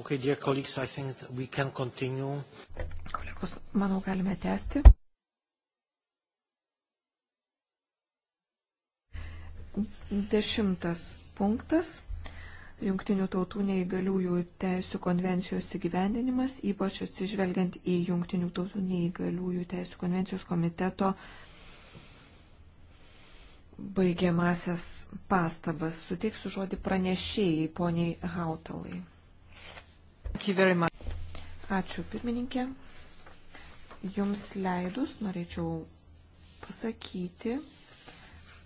Okay, dear colleagues, I think we can continue. Kolegos, manau, galime tęsti. Dešimtas punktas. Jungtinių tautų neįgaliųjų teisų konvencijos įgyvendinimas, ypač atsižvelgiant į Jungtinių tautų neįgaliųjų teisų konvencijos komiteto baigiamasias pastabas. Suteiksiu žodį pranešėjai poniai Hautalai. Ačiū pirmininkė. Jums leidus norėčiau pasakyti,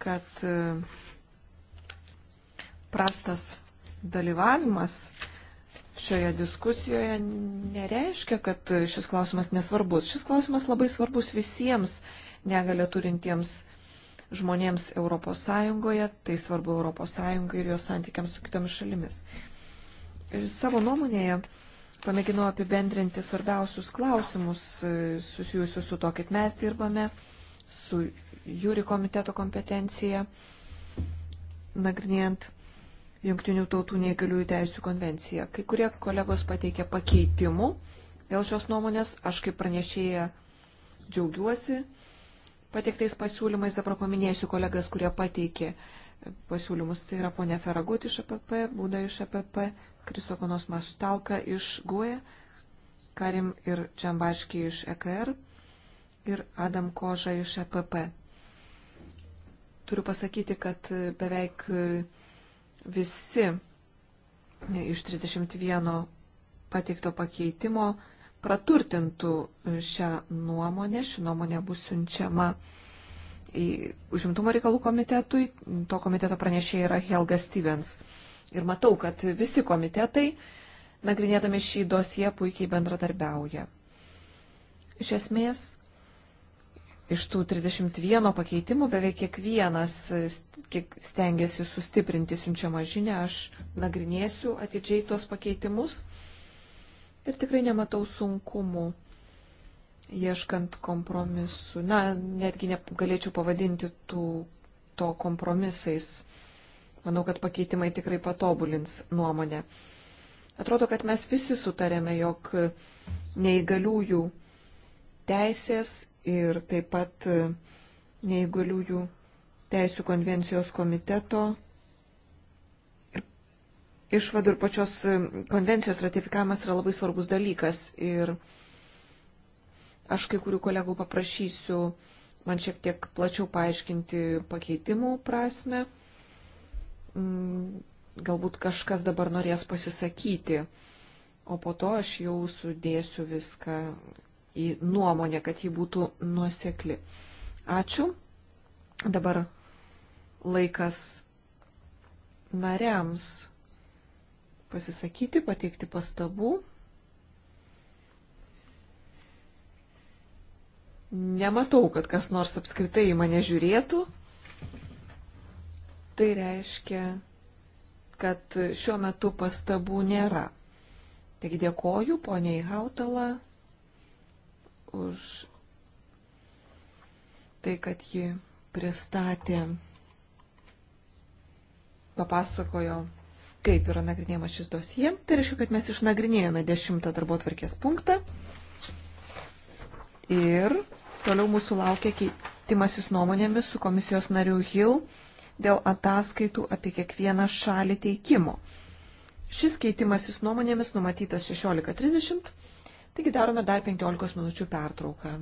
kad e, prastas dalyvavimas šioje diskusijoje nereiškia, kad šis klausimas nesvarbus. Šis klausimas labai svarbus visiems negalė turintiems žmonėms ES, tai svarbu ES ir jos santykiams su kitomis šalimis. Ir savo nuomonėje pamėginau apibendrinti svarbiausius klausimus e, susijusius su to, kaip mes dirbame, su jūri komiteto kompetencija, nagrinėjant Junktinių tautų neįgaliųjų teisų konvenciją. Kai kurie kolegos pateikė pakeitimų dėl šios nuomonės, aš kaip pranešėja džiaugiuosi pateiktais pasiūlymais, dabar paminėsiu kolegas, kurie pateikė uh, pasiūlymus. Tai yra ponė Feragut iš APP, Būda iš APP, Krisokonos Mastalka iš GUE, Karim ir Čambaškiai iš EKR ir Adam Koža iš EPP. Turiu pasakyti, kad e, beveik e, visi e, iš 31 pateikto pakeitimo praturtintų šią nuomonę, ši nuomonė bus siunčiama. Mm užimtumo reikalų komitetui. To komiteto pranešė yra Helga Stevens. Ir matau, kad visi komitetai, nagrinėdami šį dosiją, puikiai bendradarbiauja. Iš esmės, iš tų 31 pakeitimų beveik kiekvienas kiek stengiasi sustiprinti siunčiamą žinę. Aš nagrinėsiu atidžiai tos pakeitimus ir tikrai nematau sunkumų ieškant kompromisų. Na, netgi negalėčiau pavadinti tų, to kompromisais. Manau, kad pakeitimai tikrai patobulins nuomonę. Atrodo, kad mes visi sutarėme, jog neįgaliųjų teisės ir taip pat neįgaliųjų teisų konvencijos komiteto išvadų ir pačios konvencijos ratifikavimas yra labai svarbus dalykas. Ir Aš kai kurių kolegų paprašysiu man šiek tiek plačiau paaiškinti pakeitimų prasme. Mm, galbūt kažkas dabar norės pasisakyti, o po to aš jau sudėsiu viską į nuomonę, kad ji būtų nuosekli. Ačiū. Dabar laikas nariams pasisakyti, pateikti pastabų. nematau, kad kas nors apskritai į mane žiūrėtų. Tai reiškia, kad šiuo metu pastabų nėra. Taigi dėkoju poniai Hautala už tai, kad ji pristatė, papasakojo, kaip yra nagrinėjama šis dosie. Tai reiškia, kad mes išnagrinėjome dešimtą darbo tvarkės punktą ir Toliau mūsų laukia keitimasis nuomonėmis su komisijos nariu Hill dėl ataskaitų apie kiekvieną šalį teikimo. Šis keitimasis nuomonėmis numatytas 16.30, taigi darome dar 15 minučių pertrauką.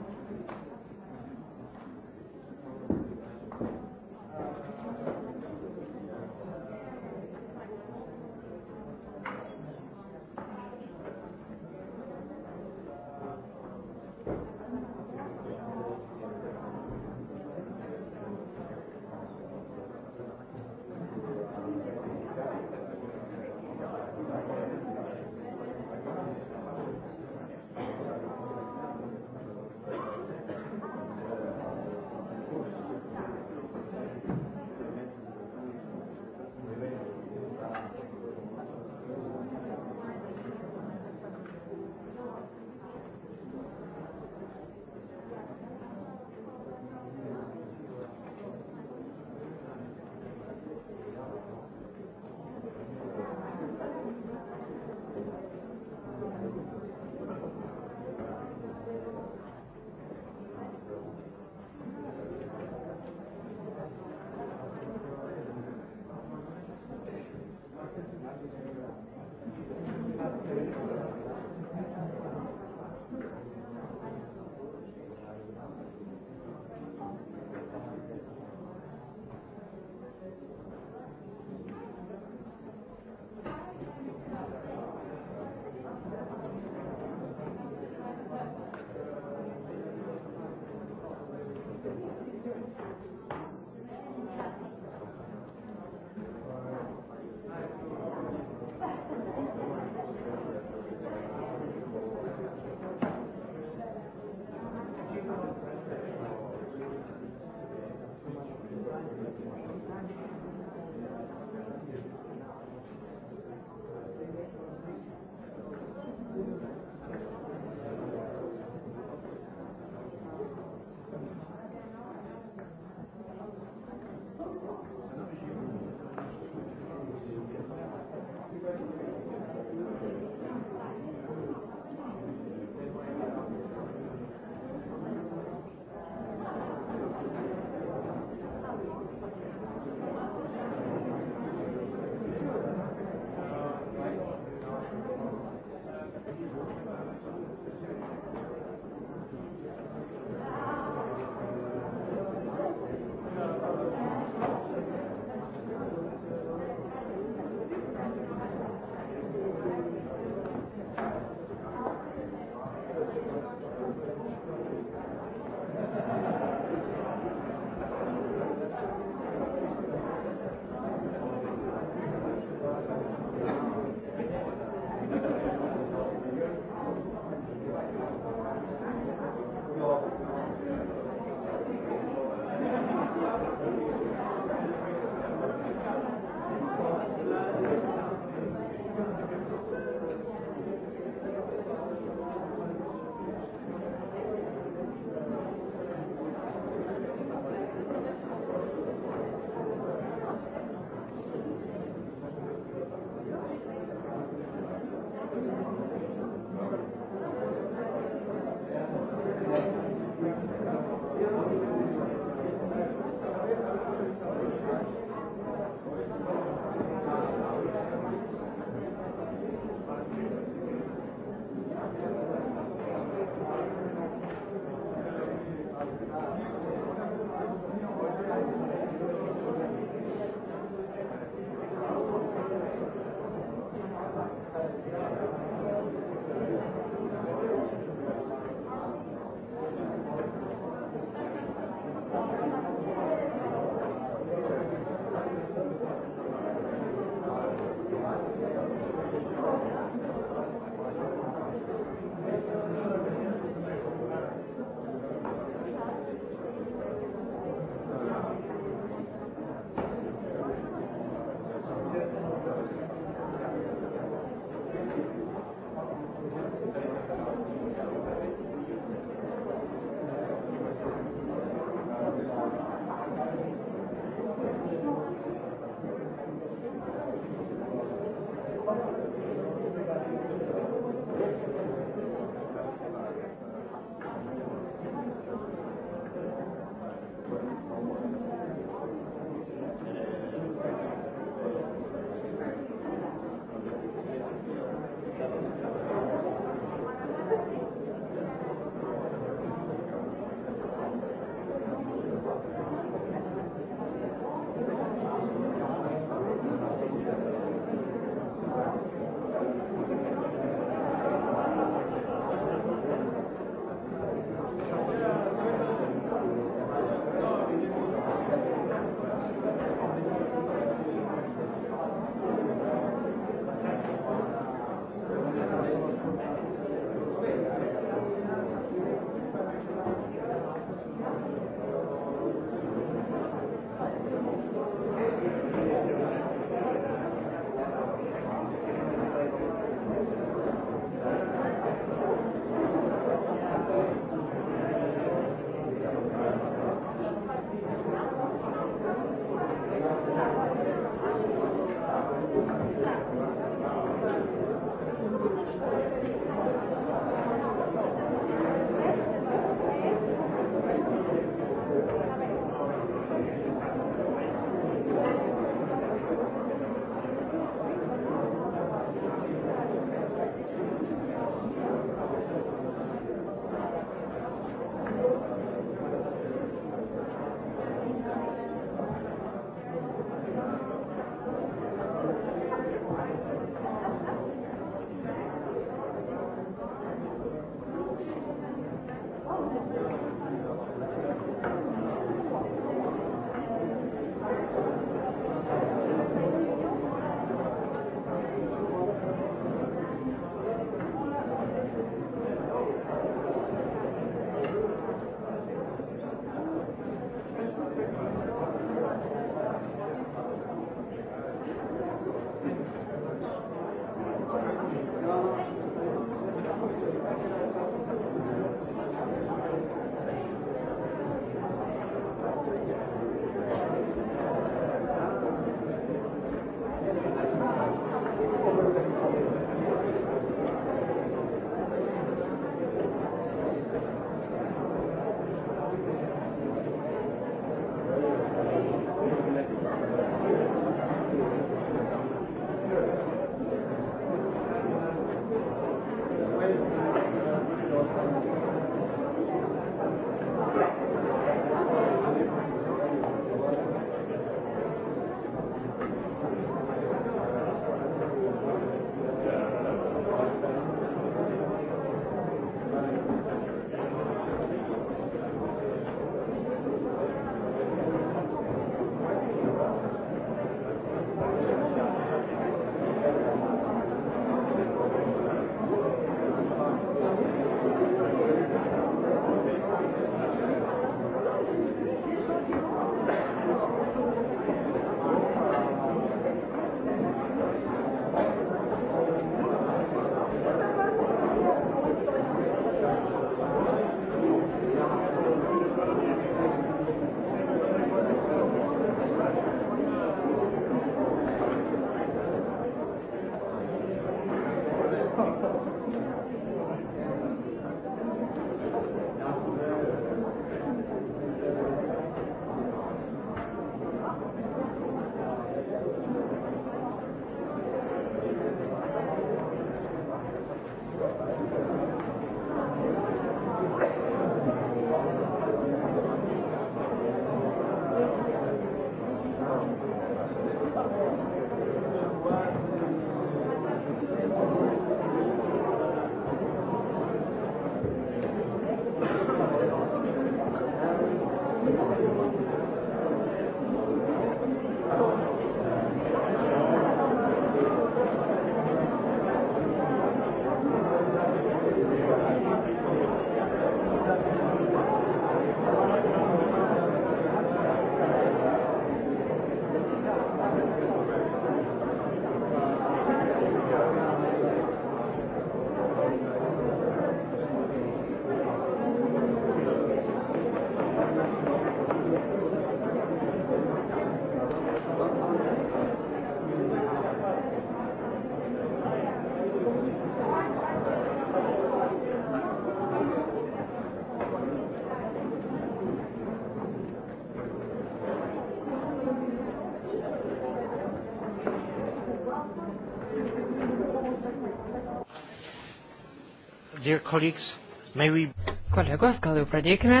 Dear colleagues, may we... Kolegos, gal jau pradėkime?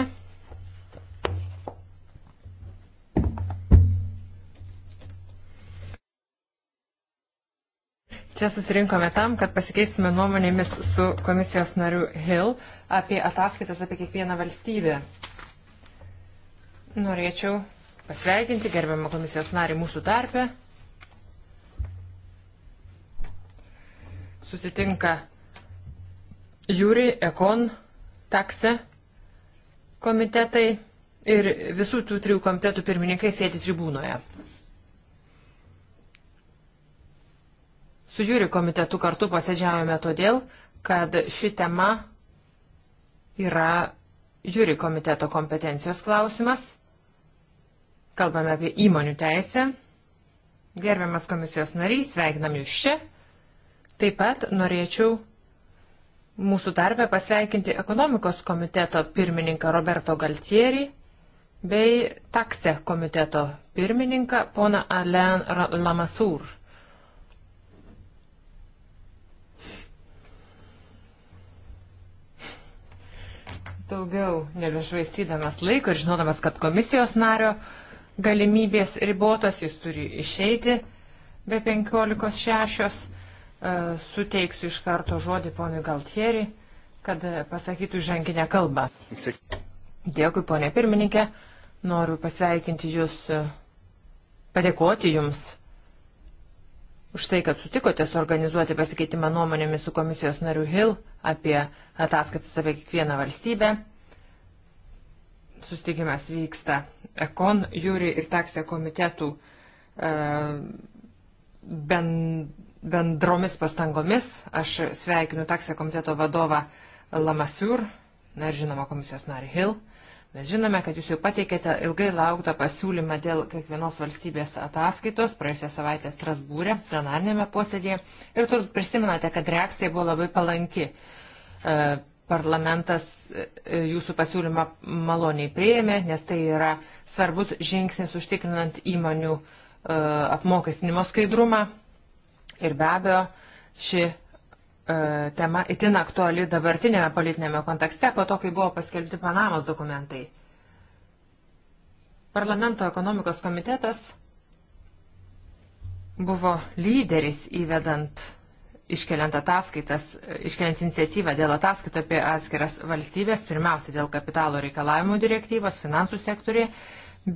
Čia susirinkome tam, kad pasikeistume nuomonėmis su komisijos nariu Hill apie ataskaitas apie kiekvieną valstybę. Norėčiau pasveikinti gerbiamą komisijos narį mūsų tarpę. Susitinka Jūri, Ekon, Takse komitetai ir visų tų trijų komitetų pirmininkai sėdi tribūnoje. Su Jūri komitetu kartu posėdžiavome todėl, kad ši tema yra Jūri komiteto kompetencijos klausimas. Kalbame apie įmonių teisę. Gerbiamas komisijos narys, sveikinam jūs čia. Taip pat norėčiau mūsų tarpe pasveikinti ekonomikos komiteto pirmininką Roberto Galtieri bei takse komiteto pirmininką poną Alen Lamasur. Daugiau nebešvaistydamas laiko ir žinodamas, kad komisijos nario galimybės ribotos, jis turi išeiti be 15 šešios. E, suteiksiu iš karto žodį ponui Galtieri, kad pasakytų ženginę kalbą. Dėkui, ponė pirmininkė. Noriu pasveikinti Jūs, e, padėkoti Jums už tai, kad sutikote suorganizuoti pasikeitimą nuomonėmis su komisijos nariu Hill apie ataskaitas apie kiekvieną valstybę. Sustikimas vyksta Ekon, Jūri ir Taksė komitetų e, ben, bendromis pastangomis. Aš sveikinu taksio komiteto vadovą Lamasiur, na ir žinoma komisijos narį Hill. Mes žinome, kad jūs jau pateikėte ilgai lauktą pasiūlymą dėl kiekvienos valstybės ataskaitos praėjusią savaitę Strasbūrė, plenarnėme posėdėje. Ir turbūt prisimenate, kad reakcija buvo labai palanki. E, parlamentas e, jūsų pasiūlymą maloniai prieėmė, nes tai yra svarbus žingsnis užtikrinant įmonių e, apmokestinimo skaidrumą. Ir be abejo, ši e, tema itin aktuali dabartinėme politinėme kontekste po to, kai buvo paskelbti Panamos dokumentai. Parlamento ekonomikos komitetas buvo lyderis įvedant, iškeliant ataskaitas, iškeliant iniciatyvą dėl ataskaitų apie atskiras valstybės, pirmiausia dėl kapitalo reikalavimų direktyvos, finansų sektoriai,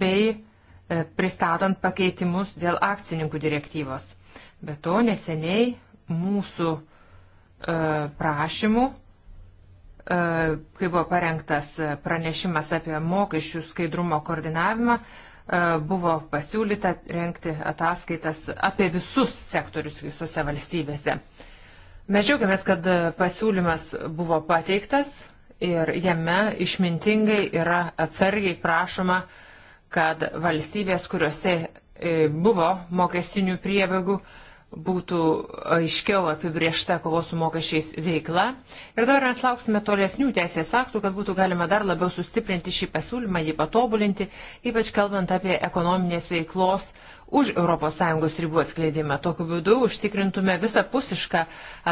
bei e, pristatant pakeitimus dėl akcininkų direktyvos. Be to, neseniai mūsų e, prašymų, e, kai buvo parengtas pranešimas apie mokesčių skaidrumo koordinavimą, e, buvo pasiūlyta renkti ataskaitas apie visus sektorius visose valstybėse. Mes džiaugiamės, kad pasiūlymas buvo pateiktas ir jame išmintingai yra atsargiai prašoma, kad valstybės, kuriuose E, buvo mokestinių priebėgų, būtų aiškiau apibriešta kovos su mokesčiais veikla. Ir dar mes lauksime tolesnių teisės aktų, kad būtų galima dar labiau sustiprinti šį pasiūlymą, jį patobulinti, ypač kalbant apie ekonominės veiklos už ES ribų atskleidimą. Tokiu būdu užtikrintume visapusišką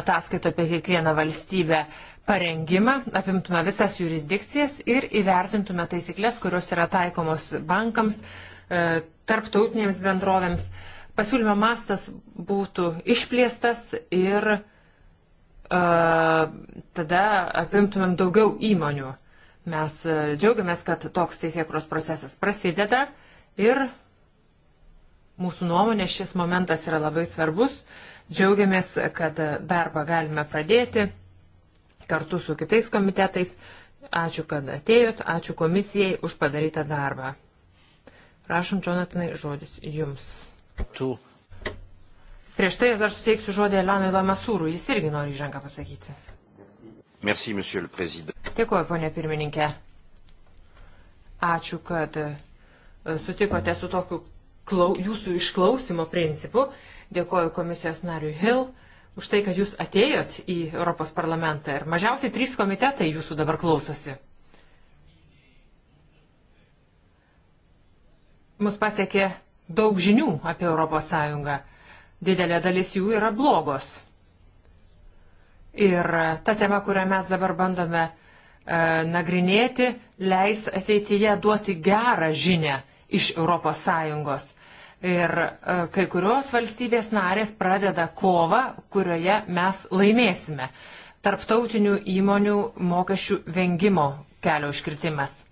ataskaitą apie kiekvieną valstybę parengimą, apimtume visas jurisdikcijas ir įvertintume taisyklės, kurios yra taikomos bankams, E, tarptautinėms bendrovėms. Pasiūlymo mastas būtų išplėstas ir e, tada apimtumėm daugiau įmonių. Mes e, džiaugiamės, kad toks teisėkros procesas prasideda ir mūsų nuomonė šis momentas yra labai svarbus. Džiaugiamės, kad darbą galime pradėti kartu su kitais komitetais. Ačiū, kad atėjot, ačiū komisijai už padarytą darbą. Prašom, Jonatanai, žodis jums. Tu. Prieš tai aš dar suteiksiu žodį Elanui Lamasūrui, jis irgi nori įžangą pasakyti. Merci, monsieur le président. Dėkuoju, ponė pirmininkė. Ačiū, kad e, sutikote su tokiu klau, jūsų išklausimo principu. Dėkuoju komisijos nariui Hill už tai, kad jūs atėjot į Europos parlamentą ir mažiausiai trys komitetai jūsų dabar klausosi. mus pasiekė daug žinių apie ES. Didelė dalis jų yra blogos. Ir ta tema, kurią mes dabar bandome e, nagrinėti, leis ateityje duoti gerą žinę iš ES. Ir e, kai kurios valstybės narės pradeda kovą, kurioje mes laimėsime. Tarptautinių įmonių mokesčių vengimo kelio iškritimas.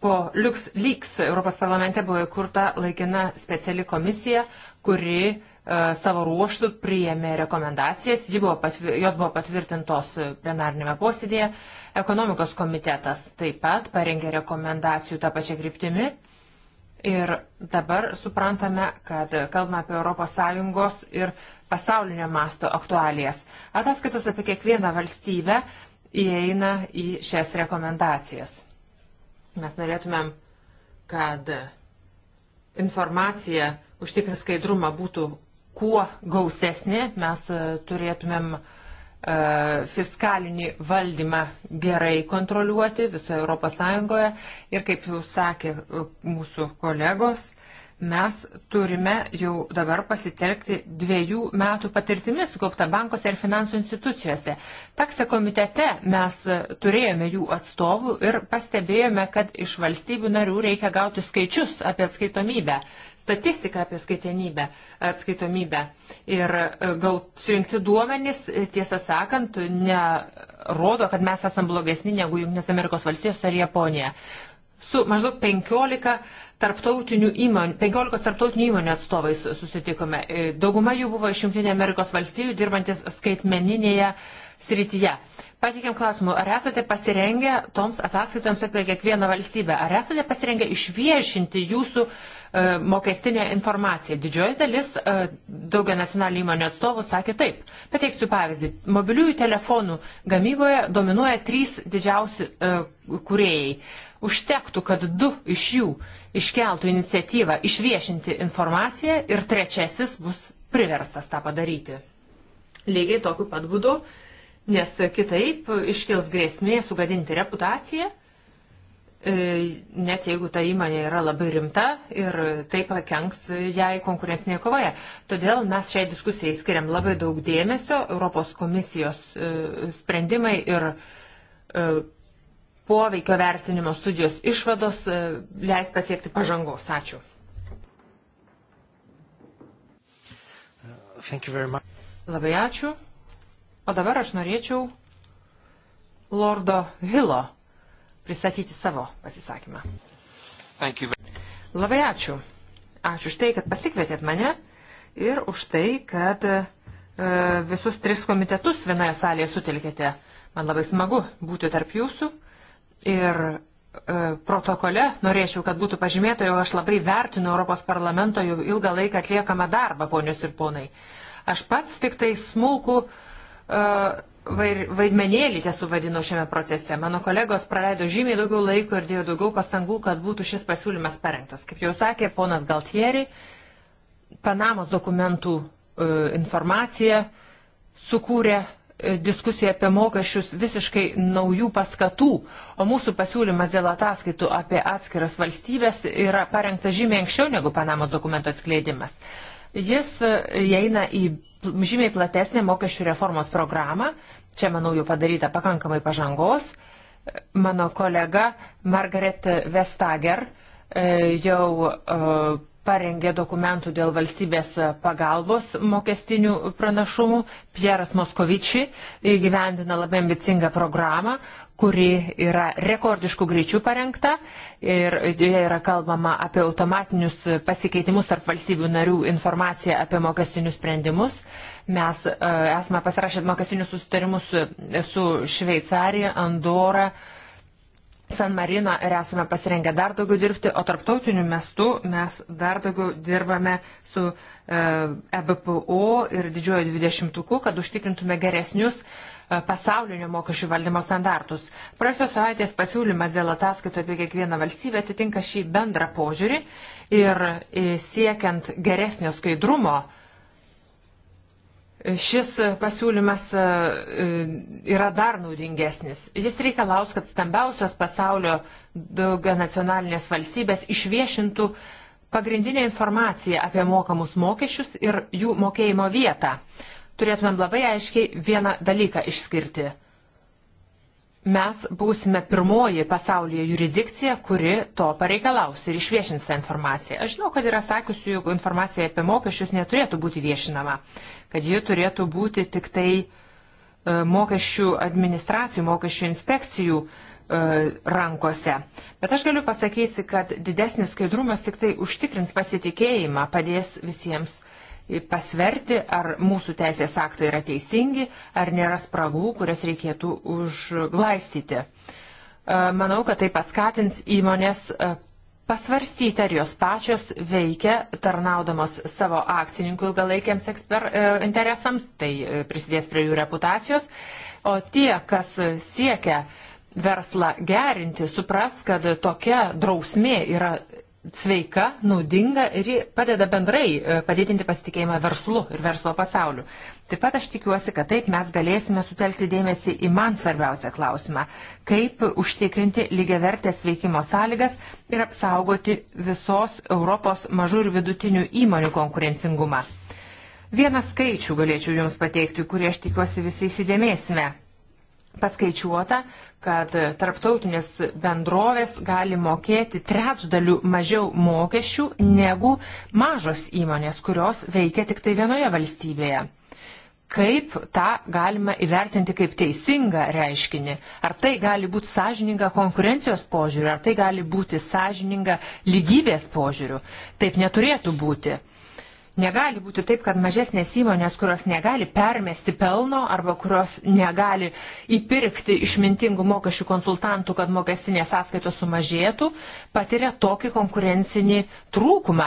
Po LuxLeaks Europos parlamente buvo įkurta laikina speciali komisija, kuri e, savo ruoštų priėmė rekomendacijas, buvo patvir, jos buvo patvirtintos plenarnėme posėdėje. Ekonomikos komitetas taip pat parengė rekomendacijų tą pačią kryptimį. Ir dabar suprantame, kad kalbame apie ES ir pasaulinio masto aktualijas. Ataskaitos apie kiekvieną valstybę įeina į šias rekomendacijas. Mes norėtumėm, kad informacija užtikrins skaidrumą būtų kuo gausesnė. Mes e, turėtumėm e, fiskalinį valdymą gerai kontroliuoti visoje ES ir, kaip jau sakė e, mūsų kolegos, Mes turime jau dabar pasitelkti dviejų metų patirtimi sukauptą bankose ir finansų institucijose. Taksė komitete mes turėjome jų atstovų ir pastebėjome, kad iš valstybių narių reikia gauti skaičius apie atskaitomybę statistiką apie skaitinybę, atskaitomybę. Ir e, gal surinkti duomenys, e, tiesą sakant, nerodo, kad mes esame blogesni negu Junktinės Amerikos valstijos ar Japonija su maždaug 15 tarptautinių įmonių, 15 tarptautinių įmonių atstovais susitikome. E, dauguma jų buvo iš Junktinė Amerikos valstijų dirbantis skaitmeninėje srityje. Patikėm klausimų, ar esate pasirengę toms ataskaitoms apie kiekvieną valstybę, ar esate pasirengę išviešinti jūsų uh, E, mokestinė informacija. Didžioji dalis e, daugia nacionalinių įmonių atstovų sakė taip. Pateiksiu pavyzdį. Mobiliųjų telefonų gamyboje dominuoja trys didžiausi e, kuriejai. Užtektų, kad du iš jų iškeltų iniciatyvą išviešinti informaciją ir trečiasis bus priverstas tą padaryti. Lygiai tokiu pat būdu, nes kitaip iškils grėsmė sugadinti reputaciją E, net jeigu ta įmonė yra labai rimta ir tai pakenks jai konkurencinėje kovoje. Todėl mes šiai diskusijai skiriam labai daug dėmesio, Europos komisijos e, sprendimai ir e, poveikio vertinimo studijos išvados leis pasiekti pažangos. Ačiū. Labai ačiū. O dabar aš norėčiau Lordo Hilo pristatyti savo pasisakymą. Labai ačiū. Ačiū už tai, kad pasikvietėt mane ir už tai, kad e, visus tris komitetus vienoje salėje sutelkėte. Man labai smagu būti tarp jūsų ir e, protokole norėčiau, kad būtų pažymėta, jog aš labai vertinu Europos parlamento jau ilgą laiką atliekamą darbą, ponios ir ponai. Aš pats tik tai smulku. E, vaidmenėlį tiesų vadino šiame procese. Mano kolegos praleido žymiai daugiau laiko ir dėjo daugiau pastangų, kad būtų šis pasiūlymas parengtas. Kaip jau sakė ponas Galtieri, Panamos dokumentų e, informacija sukūrė e, diskusiją apie mokesčius visiškai naujų paskatų, o mūsų pasiūlymas dėl ataskaitų apie atskiras valstybės yra parengta žymiai anksčiau negu Panamos dokumento atskleidimas. Jis e, įeina į žymiai platesnę mokesčių reformos programą. Čia, manau, jau padaryta pakankamai pažangos. E, mano kolega Margaret Vestager e, jau parengė dokumentų dėl valstybės pagalbos mokestinių pranašumų. Pieras Moskovičiai įgyvendina labai ambicingą programą, kuri yra rekordiškų greičių parengta ir joje yra kalbama apie automatinius pasikeitimus tarp valstybių narių informaciją apie mokestinius sprendimus. Mes uh, esame pasirašę mokestinius susitarimus su, su Šveicarija, Andora, uh, San Marino ir esame pasirengę dar daugiau dirbti, o tarptautiniu mestu mes dar daugiau dirbame su e, EBPO ir didžiojo dvidešimtuku, kad užtikrintume geresnius e, pasaulinio mokesčių valdymo standartus. Praėjusios savaitės pasiūlymas dėl ataskaito apie kiekvieną valstybę atitinka šį bendrą požiūrį ir e, siekiant geresnio skaidrumo Šis pasiūlymas e, e, yra dar naudingesnis. Jis reikalaus, kad stambiausios pasaulio nacionalinės valstybės išviešintų pagrindinę informaciją apie mokamus mokesčius ir jų mokėjimo vietą. Turėtumėm labai aiškiai vieną dalyką išskirti mes būsime pirmoji pasaulyje jurisdikcija, kuri to pareikalaus ir išviešins tą informaciją. Aš žinau, kad yra sakiusių, jog informacija apie mokesčius neturėtų būti viešinama, kad ji turėtų būti tik tai e, mokesčių administracijų, mokesčių inspekcijų e, rankose. Bet aš galiu pasakyti, kad didesnis skaidrumas tik tai užtikrins pasitikėjimą, padės visiems pasverti, ar mūsų teisės aktai yra teisingi, ar nėra spragų, kurias reikėtų užglaistyti. E, manau, kad tai paskatins įmonės e, pasvarstyti, ar jos pačios veikia, tarnaudamos savo akcininkų ilgalaikiams eksper, e, interesams, tai prisidės prie jų reputacijos, o tie, kas siekia verslą gerinti, supras, kad tokia drausmė yra sveika, naudinga ir padeda bendrai e, padidinti pasitikėjimą verslu ir verslo pasauliu. Taip pat aš tikiuosi, kad taip mes galėsime sutelkti dėmesį į man svarbiausią klausimą - kaip užtikrinti lygiavertės veikimo sąlygas ir apsaugoti visos Europos mažų ir vidutinių įmonių konkurencingumą. Vieną skaičių galėčiau Jums pateikti, kurį aš tikiuosi visi įsidėmėsime paskaičiuota, kad tarptautinės bendrovės gali mokėti trečdalių mažiau mokesčių negu mažos įmonės, kurios veikia tik tai vienoje valstybėje. Kaip tą galima įvertinti kaip teisingą reiškinį? Ar tai gali būti sąžininga konkurencijos požiūriu, ar tai gali būti sąžininga lygybės požiūriu? Taip neturėtų būti. Negali būti taip, kad mažesnės įmonės, kurios negali permesti pelno arba kurios negali įpirkti išmintingų mokesčių konsultantų, kad mokestinės sąskaitos sumažėtų, patiria tokį konkurencinį trūkumą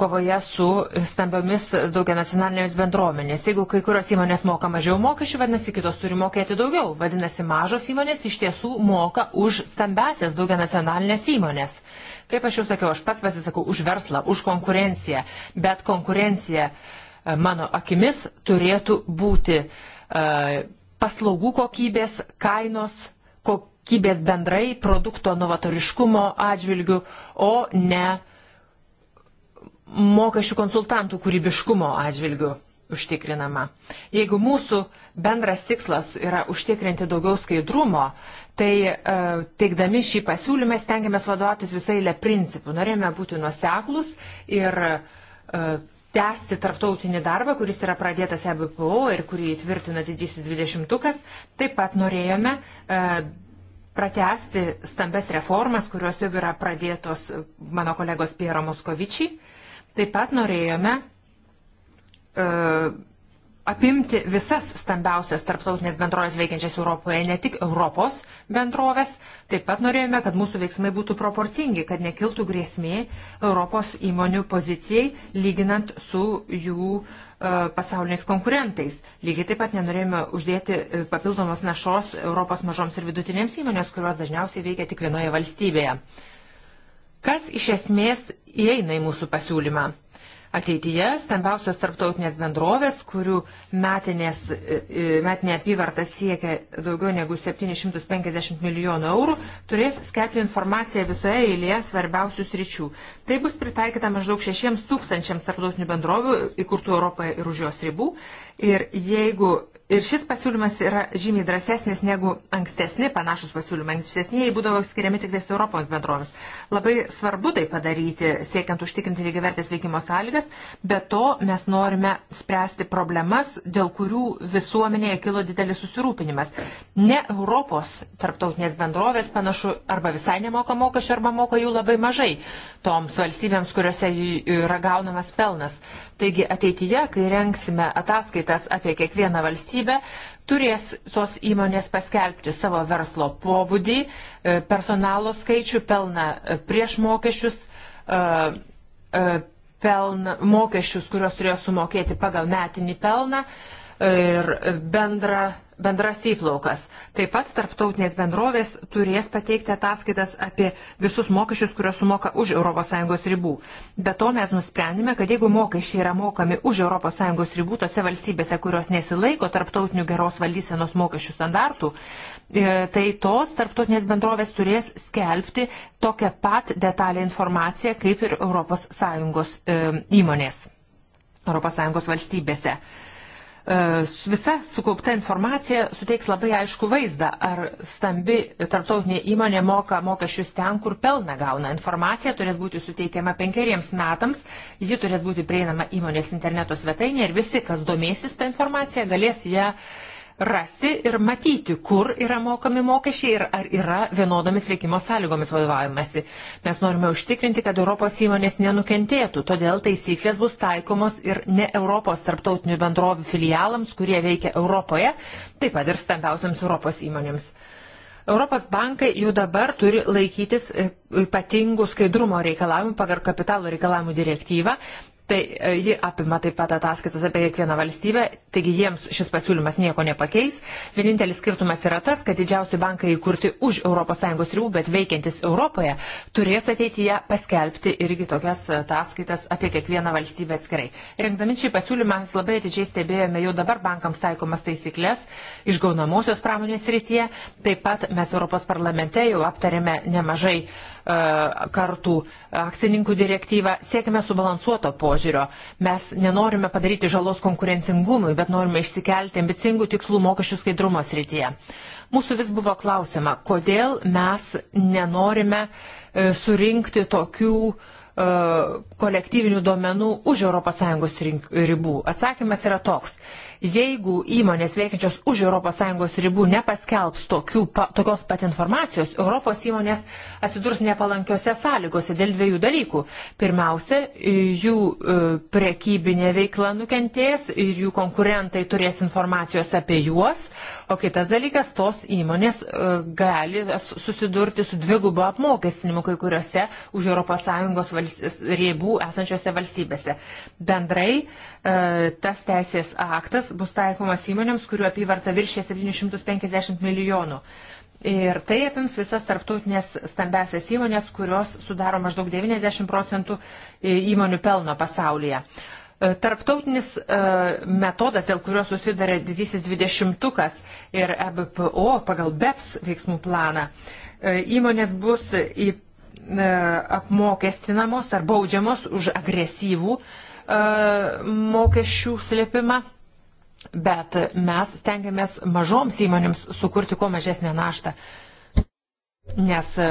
kovoje su stambiomis daugianacionalinėmis bendruomenės. Jeigu kai kurios įmonės moka mažiau mokesčių, vadinasi, kitos turi mokėti daugiau. Vadinasi, mažos įmonės iš tiesų moka už stambesias daugianacionalinės įmonės. Kaip aš jau sakiau, aš pats pasisakau už verslą, už konkurenciją, bet konkurencija e, mano akimis turėtų būti e, paslaugų kokybės, kainos, kokybės bendrai, produkto novatoriškumo atžvilgių, o ne mokesčių konsultantų kūrybiškumo atžvilgių užtikrinama. Jeigu mūsų uh, bendras tikslas yra užtikrinti daugiau skaidrumo, tai e, teikdami šį pasiūlymą stengiamės vadovautis visai eilė principų. Norėjome būti nuoseklus ir e, tęsti tarptautinį darbą, kuris yra pradėtas EBPO ir kurį įtvirtina didysis dvidešimtukas. Taip pat norėjome e, pratesti stambes reformas, kurios jau yra pradėtos mano kolegos Piero Moskovičiai. Taip pat norėjome apimti visas stambiausias tarptautinės bendrovės veikiančias Europoje, ne tik Europos bendrovės. Taip pat norėjome, kad mūsų veiksmai būtų proporcingi, kad nekiltų grėsmė Europos įmonių pozicijai, lyginant su jų e, pasauliniais konkurentais. Lygiai taip pat nenorėjome uždėti e, papildomos našos Europos mažoms ir vidutinėms įmonėms, kurios dažniausiai veikia tik vienoje valstybėje. Kas iš esmės įeina į mūsų pasiūlymą? Ateityje stambiausios tarptautinės bendrovės, kurių metinės, e, e, metinė apyvarta siekia daugiau negu 750 milijonų eurų, turės skelbti informaciją visoje eilėje svarbiausių sričių. Tai bus pritaikyta maždaug 6 tūkstančiams tarptautinių bendrovių įkurtų Europoje ir už jos ribų. Ir jeigu Ir šis pasiūlymas yra žymiai drąsesnis negu ankstesni panašus pasiūlymai. Ankstesni jie būdavo skiriami tik tais Europos bendrovėms. Labai svarbu tai padaryti, siekiant užtikrinti lygiavertės veikimo sąlygas, bet to mes norime spręsti problemas, dėl kurių visuomenėje kilo didelis susirūpinimas. Ne Europos tarptautinės bendrovės panašu arba visai nemoka mokesčių, arba moka jų labai mažai toms valstybėms, kuriuose yra gaunamas pelnas. Taigi ateityje, kai renksime ataskaitas apie kiekvieną valstybę, valstybė, turės tos įmonės paskelbti savo verslo pobūdį, e, personalo skaičių, pelną e, prieš mokesčius, e, peln, mokesčius, kuriuos turėjo sumokėti pagal metinį pelną ir bendrą bendras įplaukas. Taip pat tarptautinės bendrovės turės pateikti ataskaitas apie visus mokesčius, kuriuos sumoka už ES ribų. Be to mes nusprendėme, kad jeigu mokesčiai yra mokami už ES ribų tose valstybėse, kurios nesilaiko tarptautinių geros valdysenos mokesčių standartų, e, tai tos tarptautinės bendrovės turės skelbti tokią pat detalę informaciją kaip ir ES e, įmonės. ES valstybėse. E, visa sukaupta informacija suteiks labai aišku vaizdą, ar stambi tarptautinė įmonė moka mokesčius ten, kur pelną gauna. Informacija turės būti suteikiama penkeriems metams, ji turės būti prieinama įmonės interneto svetainė ir visi, kas domėsis tą informaciją, galės ją uh, rasti ir matyti, kur yra mokami mokesčiai ir ar yra vienodomis veikimo sąlygomis vadovavimasi. Mes norime užtikrinti, kad Europos įmonės nenukentėtų, todėl taisyklės bus taikomos ir ne Europos tarptautinių bendrovių filialams, kurie veikia Europoje, taip pat ir stambiausiams Europos įmonėms. Europos bankai jau dabar turi laikytis e, ypatingų skaidrumo reikalavimų pagal kapitalo reikalavimų direktyvą Tai e, ji apima taip pat ataskaitas apie kiekvieną valstybę, taigi jiems šis pasiūlymas nieko nepakeis. Vienintelis skirtumas yra tas, kad didžiausi bankai įkurti už ES ribų, bet veikiantis Europoje, turės ateityje paskelbti irgi tokias ataskaitas apie kiekvieną valstybę atskirai. Rengdami šį pasiūlymą mes labai atidžiai stebėjome jau dabar bankams taikomas taisyklės išgaunamosios pramonės rytyje. Taip pat mes Europos parlamente jau aptarėme nemažai uh, E, kartų akcininkų direktyvą, siekime subalansuoto požiūrio. Mes nenorime padaryti žalos konkurencingumui, bet norime išsikelti ambicingų tikslų mokesčių skaidrumo srityje. Mūsų vis buvo klausima, kodėl mes nenorime e, surinkti tokių e, kolektyvinių duomenų už ES ribų. Atsakymas yra toks. Jeigu įmonės veikiančios už ES ribų nepaskelbs tokių, pa, tokios pat informacijos, Europos įmonės atsidurs nepalankiose sąlygose dėl dviejų dalykų. Pirmiausia, jų e, prekybinė veikla nukentės ir jų konkurentai turės informacijos apie juos, o kitas dalykas, tos įmonės e, gali susidurti su dvigubo apmokestinimu kai kuriuose už ES ribų esančiose valstybėse. Bendrai E, tas teisės aktas bus taikomas įmonėms, kurių apyvarta viršė 750 milijonų. Ir tai apims visas tarptautinės stambesias įmonės, kurios sudaro maždaug 90 procentų e, įmonių pelno pasaulyje. E, tarptautinis metodas, dėl kurio susidarė didysis dvidešimtukas ir EBPO pagal BEPS veiksmų planą, įmonės bus apmokestinamos ar baudžiamos už agresyvų E, mokesčių slėpimą. Bet mes stengiamės mažoms įmonėms sukurti kuo mažesnę naštą, nes e,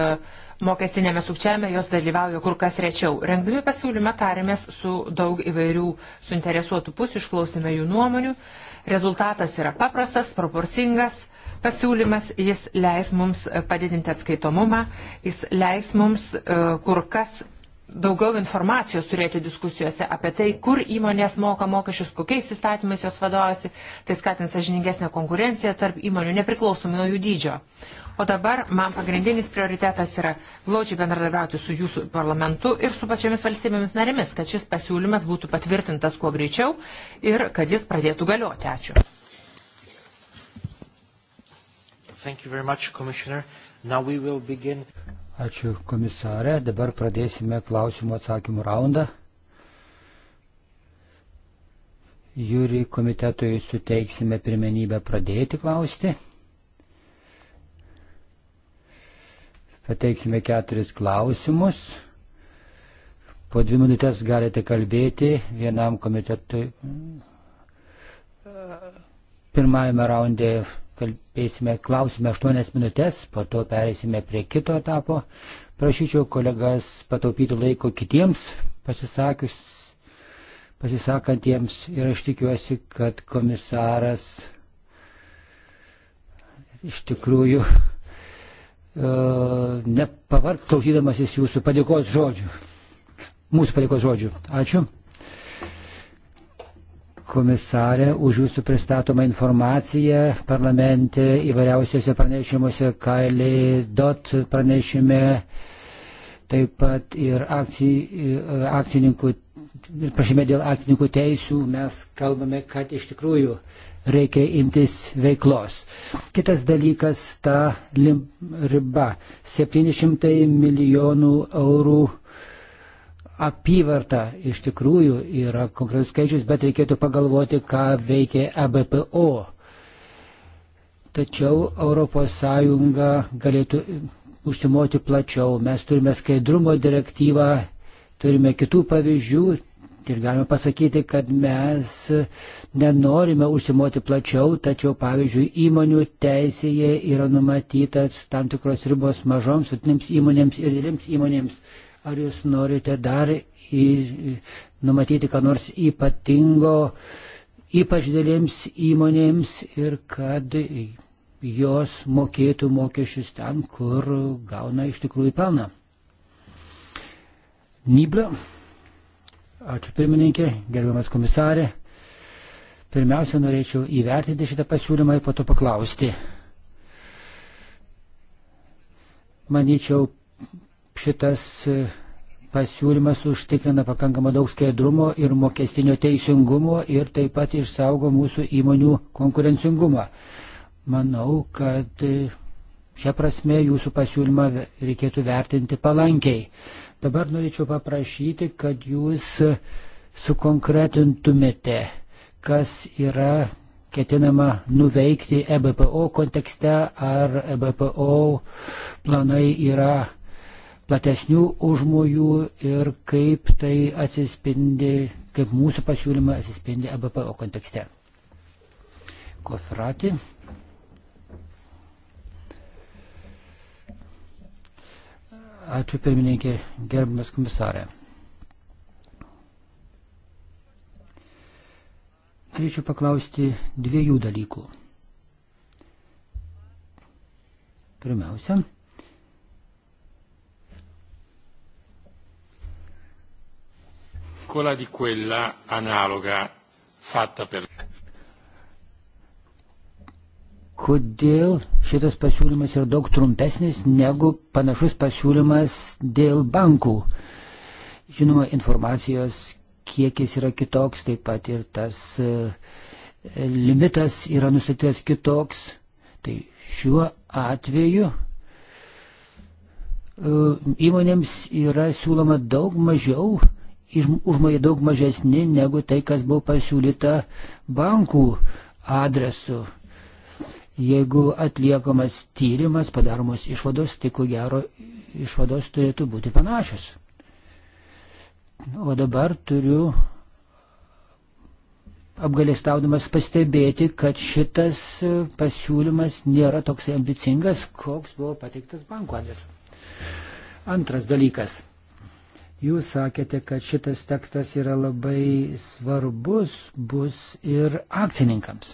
mokestinėme sukčiame jos dalyvauja kur kas rečiau. Rengdami pasiūlymą tarėmės su daug įvairių suinteresuotų pusių, išklausėme jų nuomonių. Rezultatas yra paprastas, proporcingas pasiūlymas, jis leis mums padidinti atskaitomumą, jis leis mums e, kur kas daugiau informacijos turėti diskusijose apie tai, kur įmonės moka mokesčius, kokiais įstatymais jos vadovasi, tai skatins sažiningesnę konkurenciją tarp įmonių nepriklausomai nuo jų dydžio. O dabar man pagrindinis prioritetas yra glaučiai bendradarbiauti su jūsų parlamentu ir su pačiomis valstybėmis narėmis, kad šis pasiūlymas būtų patvirtintas kuo greičiau ir kad jis pradėtų galioti. Ačiū. Thank you very much, Commissioner. Now we will begin. Ačiū komisarė. Dabar pradėsime klausimų atsakymų raundą. Jūri komitetui suteiksime pirmenybę pradėti klausti. Pateiksime keturis klausimus. Po dvi minutės galite kalbėti vienam komitetui. Pirmajame raunde kalbėsime klausime 8 minutės, po to pereisime prie kito etapo. Prašyčiau kolegas pataupyti laiko kitiems pasisakius, pasisakantiems ir aš tikiuosi, kad komisaras iš tikrųjų e, nepavark klausydamasis jūsų padėkos žodžių. Mūsų padėkos žodžių. Ačiū komisarė, už jūsų pristatomą informaciją parlamente įvairiausiuose pranešimuose, Kaili Dot pranešime, taip pat ir akcininkų, prašymė dėl akcininkų teisių mes kalbame, kad iš tikrųjų reikia imtis veiklos. Kitas dalykas - ta riba - 700 milijonų eurų apyvarta iš tikrųjų yra konkretus skaičius, bet reikėtų pagalvoti, ką veikia EBPO. Tačiau ES galėtų užsimoti plačiau. Mes turime skaidrumo direktyvą, turime kitų pavyzdžių ir galime pasakyti, kad mes nenorime užsimoti plačiau, tačiau pavyzdžiui įmonių teisėje yra numatytas tam tikros ribos mažoms, vidinėms įmonėms ir didelėms įmonėms. įmonėms Ar jūs norite dar į, numatyti, ką nors ypatingo, ypač dėlėms įmonėms ir kad jos mokėtų mokesčius ten, kur gauna iš tikrųjų pelną. Nybla, ačiū pirmininkė, gerbiamas komisarė. Pirmiausia, norėčiau įvertinti šitą pasiūlymą ir po to paklausti. Manyčiau, Šitas e, pasiūlymas užtikrina pakankamą daug skaidrumo ir mokestinio teisingumo ir taip pat išsaugo mūsų įmonių konkurencingumą. Manau, kad e, šią prasme jūsų pasiūlymą reikėtų vertinti palankiai. Dabar norėčiau paprašyti, kad jūs sukonkretintumėte, kas yra ketinama nuveikti EBPO kontekste, ar EBPO planai yra platesnių užmojų ir kaip tai atsispindi, kaip mūsų pasiūlymai atsispindi ABPO kontekste. Kofrati. Ačiū pirmininkė, gerbimas komisarė. Norėčiau paklausti dviejų dalykų. Pirmiausia, piccola di quella analoga fatta per. Kodėl šitas pasiūlymas yra daug trumpesnis negu panašus pasiūlymas dėl bankų? Žinoma, informacijos kiekis yra kitoks, taip pat ir tas e, limitas yra nustatytas kitoks. Tai šiuo atveju e, įmonėms yra siūloma daug mažiau užmojai daug mažesni negu tai, kas buvo pasiūlyta bankų adresu. Jeigu atliekamas tyrimas, padaromos išvados, tai ko gero išvados turėtų būti panašios. O dabar turiu apgalėstaudamas pastebėti, kad šitas pasiūlymas nėra toks ambicingas, koks buvo pateiktas banko adresu. Antras dalykas. Jūs sakėte, kad šitas tekstas yra labai svarbus bus ir akcininkams.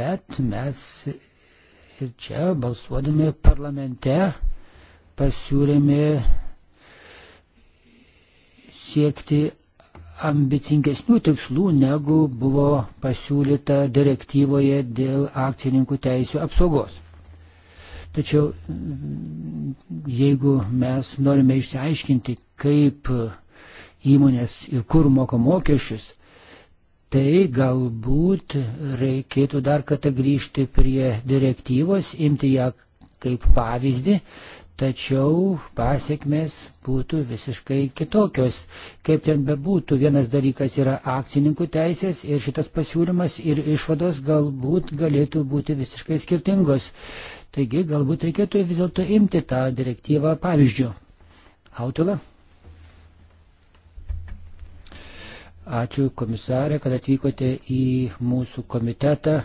Bet mes ir čia balsuodami parlamente pasiūlėme siekti ambicingesnių tikslų, negu buvo pasiūlyta direktyvoje dėl akcininkų teisų apsaugos. Tačiau mm, jeigu mes norime išsiaiškinti, kaip įmonės ir kur moka mokesčius, tai galbūt reikėtų dar kartą grįžti prie direktyvos, imti ją kaip pavyzdį tačiau pasiekmes būtų visiškai kitokios. Kaip ten bebūtų, vienas dalykas yra akcininkų teisės ir šitas pasiūlymas ir išvados galbūt galėtų būti visiškai skirtingos. Taigi galbūt reikėtų vis dėlto imti tą direktyvą pavyzdžių. Autila. Ačiū komisarė, kad atvykote į mūsų komitetą.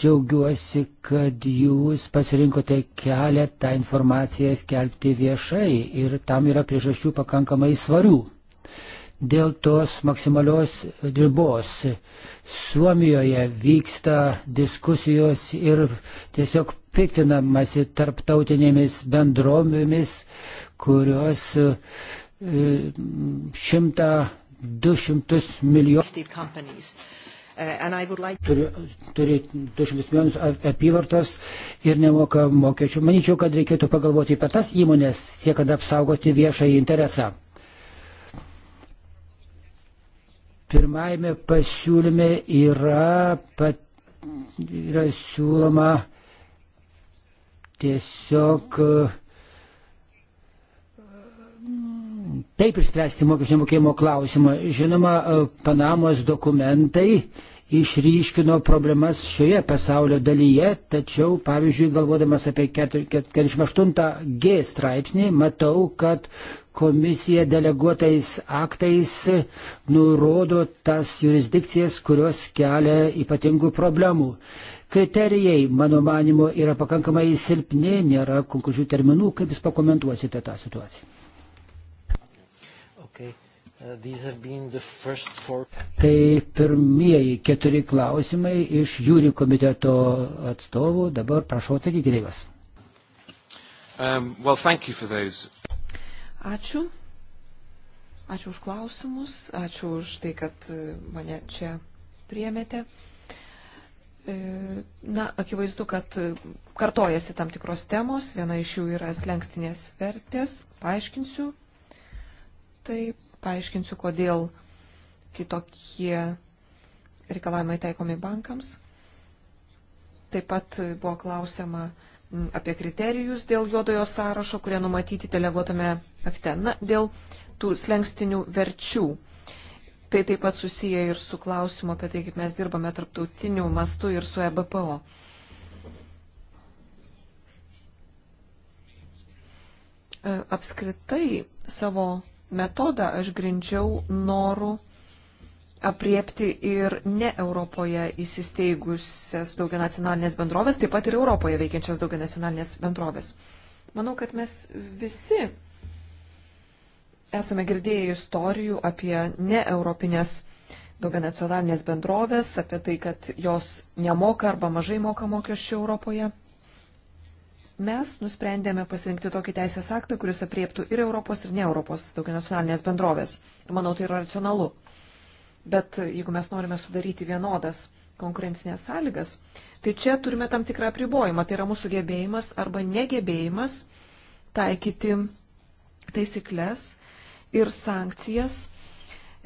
Džiaugiuosi, kad jūs pasirinkote kelią tą informaciją skelbti viešai ir tam yra priežasčių pakankamai svarių. Dėl tos maksimalios ribos Suomijoje vyksta diskusijos ir tiesiog piktinamasi tarptautinėmis bendromis, kurios e, šimtą, du šimtus milijonų Uh, like... Turi, turi 200 milijonus apyvartas ir nemoka mokesčių. Manyčiau, kad reikėtų pagalvoti apie tas įmonės, siekant apsaugoti viešąjį interesą. Pirmajame pasiūlyme yra, pat, yra siūloma tiesiog uh, taip išspręsti mokesčio mokėjimo klausimą. Žinoma, e, Panamos dokumentai išryškino problemas šioje pasaulio dalyje, tačiau, pavyzdžiui, galvodamas apie 48G straipsnį, matau, kad komisija deleguotais aktais nurodo tas jurisdikcijas, kurios kelia ypatingų problemų. Kriterijai, mano manimo, yra pakankamai silpni, nėra konkrečių terminų. Kaip Jūs pakomentuosite tą situaciją? Uh, tai pirmieji keturi klausimai iš jūrių komiteto atstovų. Dabar prašau atsakyti juos. Um, well, ačiū. Ačiū už klausimus, ačiū už tai, kad uh, mane čia priemėte. E, na, akivaizdu, kad uh, kartojasi tam tikros temos, viena iš jų yra slengstinės vertės, paaiškinsiu tai paaiškinsiu, kodėl kitokie reikalavimai taikomi bankams. Taip pat buvo klausima apie kriterijus dėl juodojo sąrašo, kurie numatyti deleguotame akte. Na, dėl tų slengstinių verčių. Tai taip pat susiję ir su klausimu apie tai, kaip mes dirbame tarptautiniu mastu ir su EBPO. E, apskritai savo metodą aš grindžiau norų apriepti ir ne Europoje įsisteigusias daugianacionalinės bendrovės, taip pat ir Europoje veikiančias daugianacionalinės bendrovės. Manau, kad mes visi esame girdėję istorijų apie neeuropinės daugianacionalinės bendrovės, apie tai, kad jos nemoka arba mažai moka mokesčių Europoje. Mes nusprendėme pasirinkti tokį teisės aktą, kuris apriektų ir Europos, ir ne Europos daugianacionalinės bendrovės. Ir manau, tai yra racionalu. Bet jeigu mes norime sudaryti vienodas konkurencinės sąlygas, tai čia turime tam tikrą apribojimą. Tai yra mūsų gebėjimas arba negebėjimas taikyti taisyklės ir sankcijas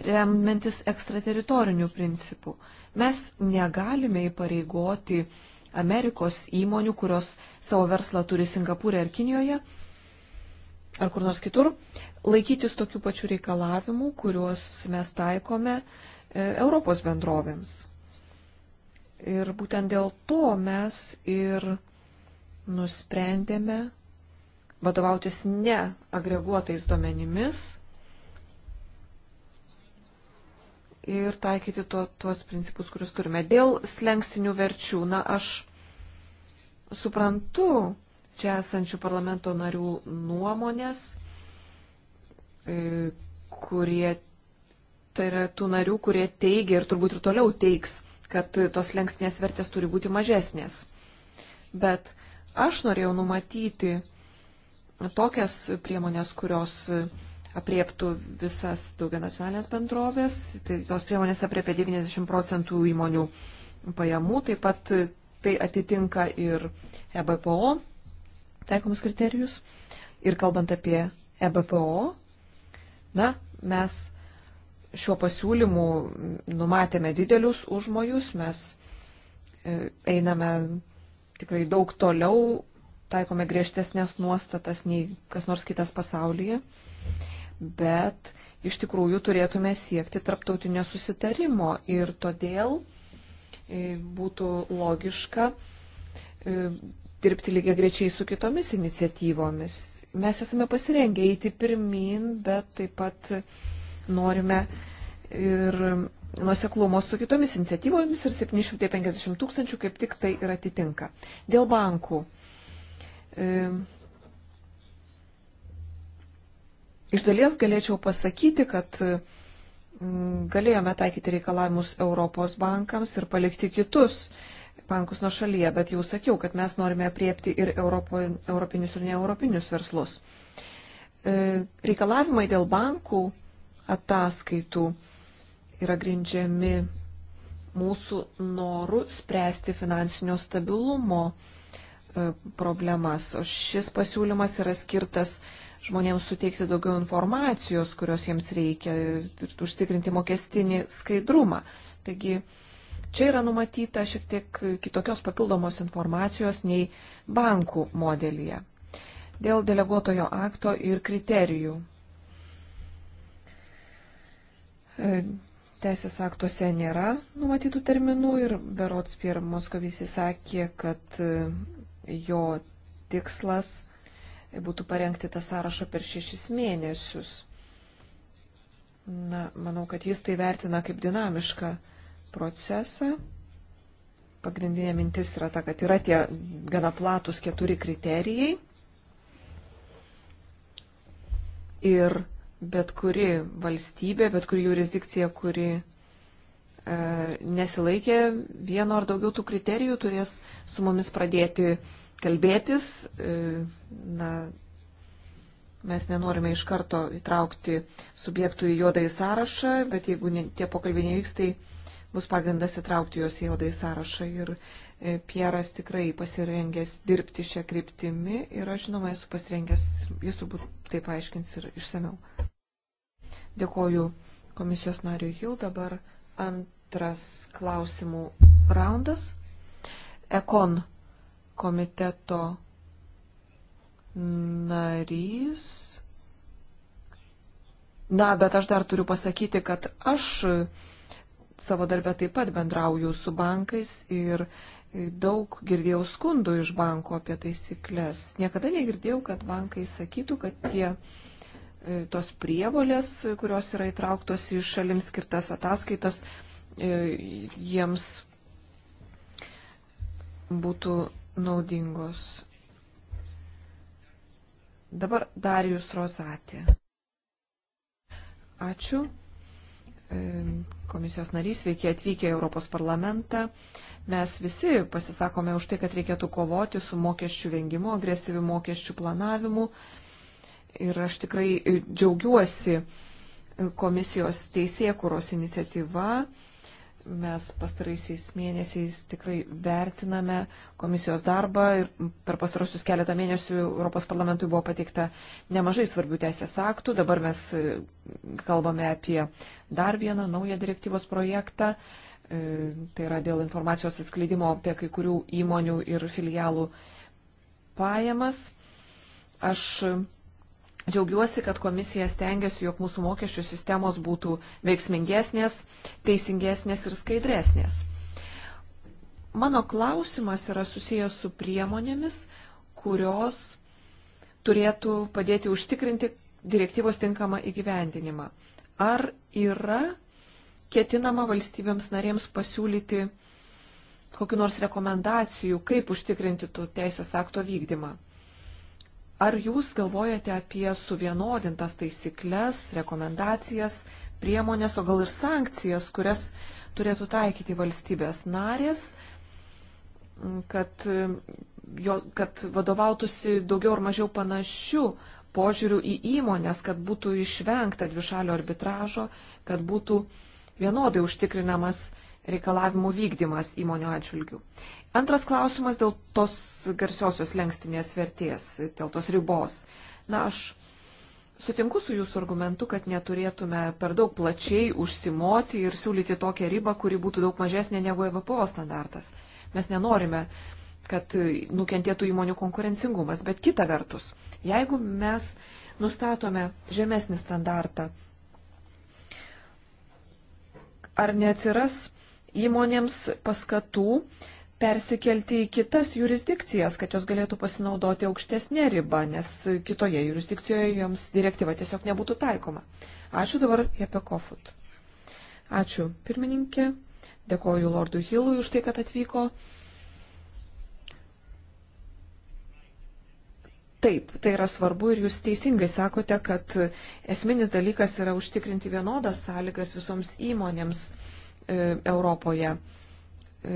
remiantis ekstrateritorinių principų. Mes negalime įpareigoti Amerikos įmonių, kurios savo verslą turi Singapūrė ar Kinijoje ar kur nors kitur, laikytis tokių pačių reikalavimų, kuriuos mes taikome e, Europos bendrovėms. Ir būtent dėl to mes ir nusprendėme vadovautis ne agreguotais duomenimis, ir taikyti to, tuos principus, kuriuos turime. Dėl slengstinių verčių, na, aš suprantu čia esančių parlamento narių nuomonės, e, kurie, tai yra tų narių, kurie teigia ir turbūt ir toliau teiks, kad tos lengstinės vertės turi būti mažesnės. Bet aš norėjau numatyti tokias priemonės, kurios apriektų visas daugianacionalinės bendrovės, tai tos priemonės apriepia 90 procentų įmonių pajamų, taip pat tai atitinka ir EBPO taikomus kriterijus. Ir kalbant apie EBPO, na, mes šiuo pasiūlymu numatėme didelius užmojus, mes e, einame tikrai daug toliau, taikome griežtesnės nuostatas nei kas nors kitas pasaulyje bet iš tikrųjų turėtume siekti tarptautinio susitarimo ir todėl e, būtų logiška e, dirbti lygiai grečiai su kitomis iniciatyvomis. Mes esame pasirengę eiti pirmin, bet taip pat norime ir nuseklumo su kitomis iniciatyvomis ir 750 tūkstančių kaip tik tai ir atitinka. Dėl bankų. E, iš dalies galėčiau pasakyti, kad mm, galėjome taikyti reikalavimus Europos bankams ir palikti kitus bankus nuo šalyje, bet jau sakiau, kad mes norime priepti ir Europo, europinius ir neeuropinius verslus. E, reikalavimai dėl bankų ataskaitų yra grindžiami mūsų norų spręsti finansinio stabilumo e, problemas. O šis pasiūlymas yra skirtas uh, žmonėms suteikti daugiau informacijos, kurios jiems reikia ir užtikrinti mokestinį skaidrumą. Taigi čia yra numatyta šiek tiek kitokios papildomos informacijos nei bankų modelyje. Dėl deleguotojo akto ir kriterijų. E, teisės aktuose nėra numatytų terminų ir berots Pierre Moskovis įsakė, kad e, jo tikslas būtų parengti tą sąrašą per šešis mėnesius. Na, manau, kad jis tai vertina kaip dinamišką procesą. Pagrindinė mintis yra ta, kad yra tie gana platus keturi kriterijai. Ir bet kuri valstybė, bet kuri jurisdikcija, kuri e, nesilaikė vieno ar daugiau tų kriterijų, turės su mumis pradėti kalbėtis. E, na, mes nenorime iš karto įtraukti subjektų į juodą į sąrašą, bet jeigu tie pokalbiai nevyks, tai bus pagrindas įtraukti juos į juodą į sąrašą. Ir e, Pieras tikrai pasirengęs dirbti šią kryptimį ir aš žinoma esu pasirengęs, jis turbūt tai paaiškins ir išsameu. Dėkoju komisijos nariui Hil, dabar antras klausimų raundas. Ekon komiteto narys. Na, bet aš dar turiu pasakyti, kad aš savo darbę taip pat bendrauju su bankais ir daug girdėjau skundų iš banko apie taisyklės. Niekada negirdėjau, kad bankai sakytų, kad tie e, tos prievolės, kurios yra įtrauktos į šalims skirtas ataskaitas, e, jiems būtų naudingos. Dabar Darijus Rozatė. Ačiū. E, komisijos narys, sveiki atvykę į Europos parlamentą. Mes visi pasisakome už tai, kad reikėtų kovoti su mokesčių vengimu, agresyviu mokesčių planavimu. Ir aš tikrai džiaugiuosi e, komisijos teisėkuros iniciatyva Mes pastaraisiais mėnesiais tikrai vertiname komisijos darbą ir per pastarosius keletą mėnesių Europos parlamentui buvo pateikta nemažai svarbių teisės aktų. Dabar mes e, kalbame apie dar vieną naują direktyvos projektą. E, tai yra dėl informacijos atskleidimo apie kai kurių įmonių ir filialų pajamas. Aš Džiaugiuosi, kad komisija stengiasi, jog mūsų mokesčių sistemos būtų veiksmingesnės, teisingesnės ir skaidresnės. Mano klausimas yra susijęs su priemonėmis, kurios turėtų padėti užtikrinti direktyvos tinkamą įgyvendinimą. Ar yra ketinama valstybėms narėms pasiūlyti kokiu nors rekomendacijų, kaip užtikrinti tų teisės akto vykdymą? Ar jūs galvojate apie suvienodintas taisyklės, rekomendacijas, priemonės, o gal ir sankcijas, kurias turėtų taikyti valstybės narės, kad, jo, kad vadovautųsi daugiau ar mažiau panašių požiūrių į įmonės, kad būtų išvengta dvišalio arbitražo, kad būtų vienodai užtikrinamas reikalavimų vykdymas įmonių atžvilgių. Antras klausimas dėl tos garsiosios lengstinės vertės, dėl tos ribos. Na, aš sutinku su jūsų argumentu, kad neturėtume per daug plačiai užsimoti ir siūlyti tokią ribą, kuri būtų daug mažesnė negu EVPO standartas. Mes nenorime, kad nukentėtų įmonių konkurencingumas, bet kita vertus, jeigu mes nustatome žemesnį standartą, ar neatsiras įmonėms paskatų persikelti į kitas jurisdikcijas, kad jos galėtų pasinaudoti aukštesnė riba, nes kitoje jurisdikcijoje joms direktyva tiesiog nebūtų taikoma. Ačiū dabar apie Kofut. Ačiū pirmininkė, dėkoju Lordui Hillui už tai, kad atvyko. Taip, tai yra svarbu ir jūs teisingai sakote, kad esminis dalykas yra užtikrinti vienodas sąlygas visoms įmonėms e, Europoje. E,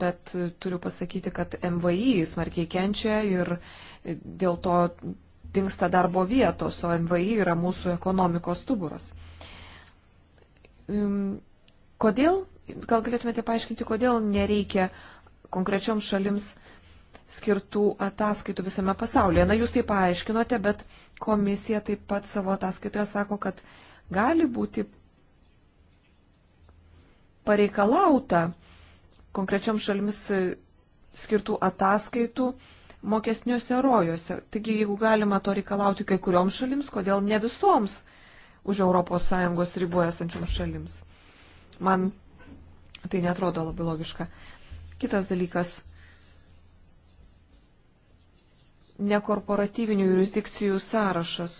bet turiu pasakyti, kad MVI smarkiai kenčia ir dėl to dinksta darbo vietos, o MVI yra mūsų ekonomikos stuburas. Kodėl, gal galėtumėte paaiškinti, kodėl nereikia konkrečioms šalims skirtų ataskaitų visame pasaulyje? Na, jūs tai paaiškinote, bet komisija taip pat savo ataskaitoje sako, kad gali būti pareikalauta konkrečiom šalimis skirtų ataskaitų mokesniuose rojuose. Taigi, jeigu galima to reikalauti kai kurioms šalims, kodėl ne visoms už ES ribų esančioms šalims? Man tai netrodo labai logiška. Kitas dalykas. Nekorporatyvinių jurisdikcijų sąrašas.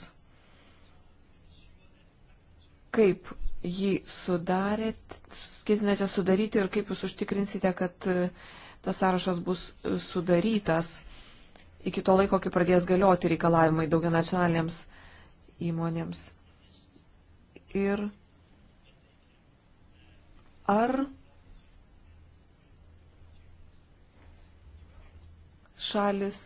Kaip jį sudarėt, ketinate sudaryti ir kaip jūs užtikrinsite, kad e, tas sąrašas bus e, sudarytas iki to laiko, kai pradės galioti reikalavimai daugianacionalinėms įmonėms. Ir ar šalis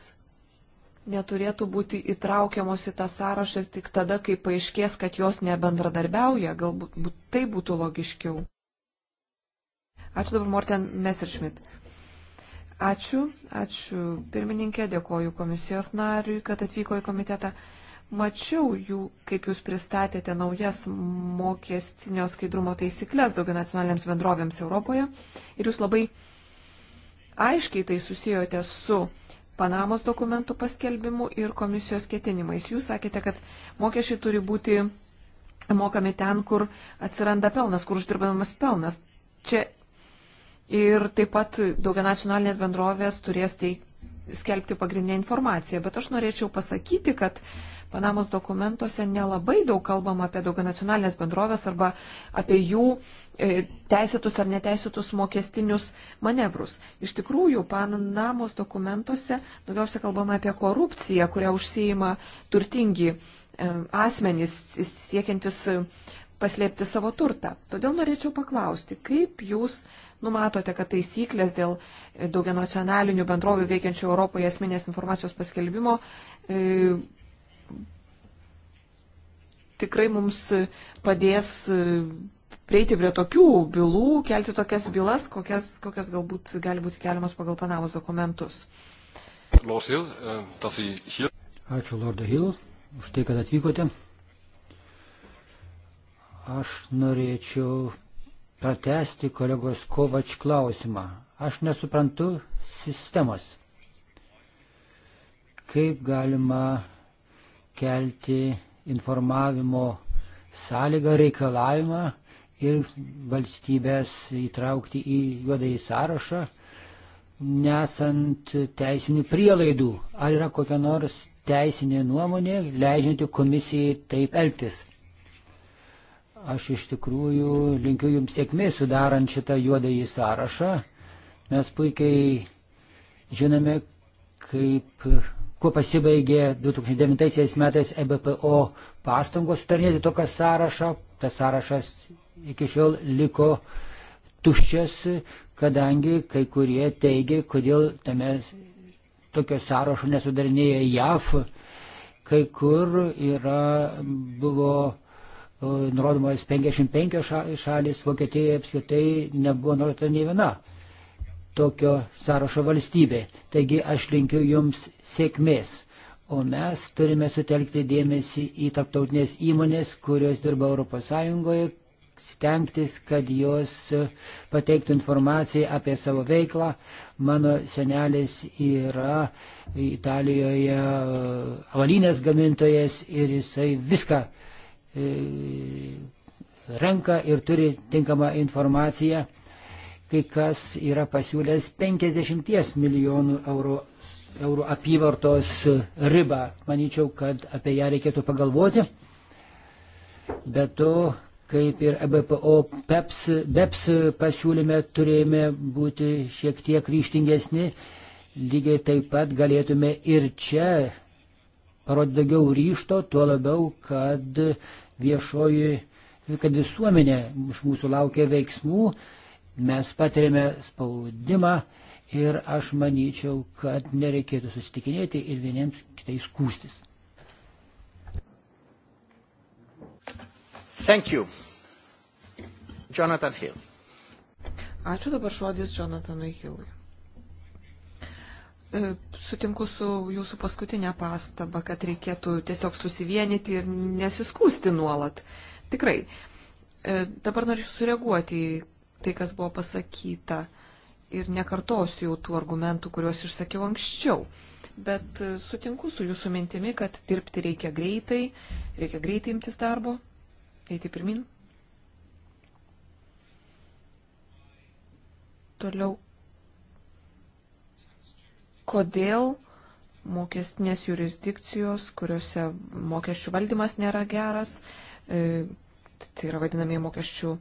neturėtų būti įtraukiamos į tą sąrašą tik tada, kai paaiškės, kad jos nebendradarbiauja, galbūt būt, tai būtų logiškiau. Ačiū dabar Morten Messerschmidt. Ačiū, ačiū pirmininkė, dėkoju komisijos nariui, kad atvyko į komitetą. Mačiau jų, kaip jūs pristatėte naujas mokestinio skaidrumo taisyklės daugia nacionaliniams bendrovėms Europoje ir jūs labai aiškiai tai susijote su Panamos dokumentų paskelbimu ir komisijos ketinimais. Jūs sakėte, kad mokesčiai turi būti mokami ten, kur atsiranda pelnas, kur uždirbamas pelnas. Čia ir taip pat daugia nacionalinės bendrovės turės tai skelbti pagrindinę informaciją. Bet aš norėčiau pasakyti, kad Panamos dokumentuose nelabai daug kalbama apie daugia nacionalinės bendrovės arba apie jų E, teisėtus ar neteisėtus mokestinius manevrus. Iš tikrųjų, Panamos dokumentuose daugiausia kalbama apie korupciją, kurią užsieima turtingi e, asmenys siekiantis e, paslėpti savo turtą. Todėl norėčiau paklausti, kaip jūs numatote, kad taisyklės dėl daugianacionalinių bendrovių veikiančių Europoje esminės informacijos paskelbimo e, tikrai mums padės prieiti prie tokių bylų, kelti tokias bylas, kokias, kokias galbūt gali būti keliamos pagal Panamos dokumentus. Lord Hill, tas į Hill. Ačiū Lordai Hill už tai, kad atvykote. Aš norėčiau pratesti kolegos Kovač klausimą. Aš nesuprantu sistemos. Kaip galima kelti informavimo sąlygą, reikalavimą, ir valstybės įtraukti į juodąjį sąrašą, nesant teisinių prielaidų. Ar yra kokia nors teisinė nuomonė, leidžianti komisijai taip elgtis? Aš iš tikrųjų linkiu Jums sėkmės sudarant šitą juodąjį sąrašą. Mes puikiai žinome, kaip, kuo pasibaigė 2009 metais EBPO pastangos sutarnėti tokią sąrašą. Tas sąrašas iki šiol liko tuščias, kadangi kai kurie teigia, kodėl tame tokio sąrašo nesudarinėja JAF, kai kur yra, buvo e, nurodomas 55 šalis, Vokietija apskritai nebuvo nurodyta nei viena tokio sąrašo valstybė. Taigi aš linkiu jums sėkmės. O mes turime sutelkti dėmesį į tarptautinės įmonės, kurios dirba ES, stengtis, kad jos pateiktų informaciją apie savo veiklą. Mano senelis yra Italijoje avalinės gamintojas ir jisai viską e, renka ir turi tinkamą informaciją. Kai kas yra pasiūlęs 50 milijonų eurų eurų apyvartos ribą. Manyčiau, kad apie ją reikėtų pagalvoti. Bet to kaip ir EBPO PEPS, BEPS pasiūlyme turėjome būti šiek tiek ryštingesni, lygiai taip pat galėtume ir čia parodyti daugiau ryšto, tuo labiau, kad viešoji, kad visuomenė iš mūsų laukia veiksmų, mes patiriame spaudimą ir aš manyčiau, kad nereikėtų susitikinėti ir vieniems kitais kūstis. Thank you. Jonathan Hill. Ačiū dabar žodis Jonathanui Hillui. E, sutinku su jūsų paskutinė pastaba, kad reikėtų tiesiog susivienyti ir nesiskūsti nuolat. Tikrai. E, dabar noriu sureaguoti į tai, kas buvo pasakyta ir nekartosiu jau tų argumentų, kuriuos išsakiau anksčiau. Bet e, sutinku su jūsų mintimi, kad dirbti reikia greitai, reikia greitai imtis darbo, eiti pirmin. Toliau, kodėl mokestinės jurisdikcijos, kuriuose mokesčių valdymas nėra geras, e, tai yra vadinamieji mokesčių e,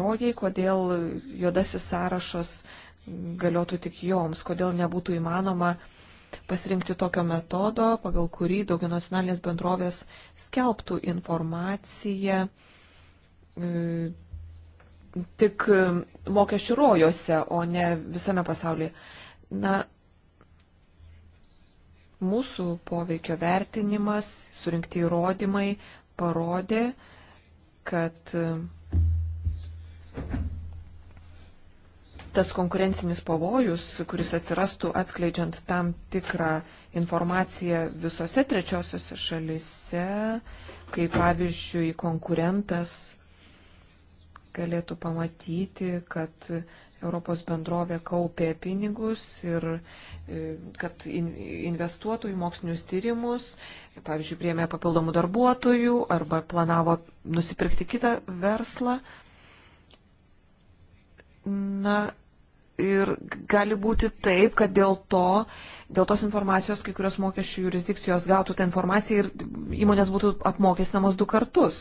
rojai, kodėl juodasis sąrašas galiotų tik joms, kodėl nebūtų įmanoma pasirinkti tokio metodo, pagal kurį daugia nacionalinės bendrovės skelbtų informaciją e, tik mokesčių rojose, o ne visame pasaulyje. Na, mūsų poveikio vertinimas, surinkti įrodymai parodė, kad tas konkurencinis pavojus, kuris atsirastų atskleidžiant tam tikrą informaciją visose trečiosiose šalise, kai pavyzdžiui konkurentas galėtų pamatyti, kad Europos bendrovė kaupė pinigus ir e, kad investuotų į mokslinius tyrimus, pavyzdžiui, priemė papildomų darbuotojų arba planavo nusipirkti kitą verslą. Na, ir gali būti taip, kad dėl to, dėl tos informacijos kai kurios mokesčių jurisdikcijos gautų tą informaciją ir įmonės būtų apmokestinamos du kartus.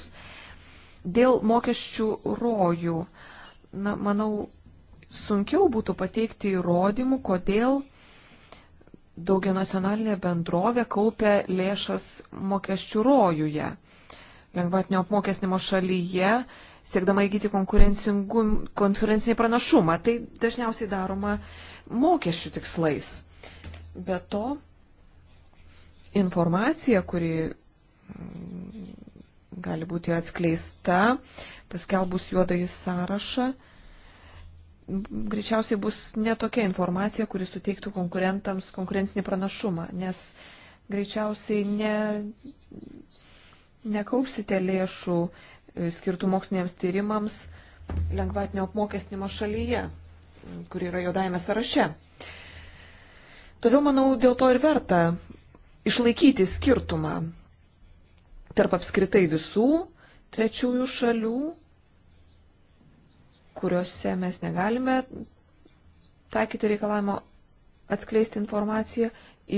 Dėl mokesčių rojų, na, manau, sunkiau būtų pateikti įrodymų, kodėl daugia nacionalinė bendrovė kaupia lėšas mokesčių rojuje. Lengvatinio apmokestinimo šalyje siekdama įgyti konkurencinį pranašumą. Tai dažniausiai daroma mokesčių tikslais. Be to, informacija, kuri gali būti atskleista, paskelbus juodąjį sąrašą, greičiausiai bus netokia informacija, kuri suteiktų konkurentams konkurencinį pranašumą, nes greičiausiai ne, nekaupsite lėšų skirtų moksliniams tyrimams lengvatinio apmokestinimo šalyje, kur yra juodajame sąraše. Todėl, manau, dėl to ir verta išlaikyti skirtumą tarp apskritai visų trečiųjų šalių, kuriuose mes negalime taikyti reikalavimo atskleisti informaciją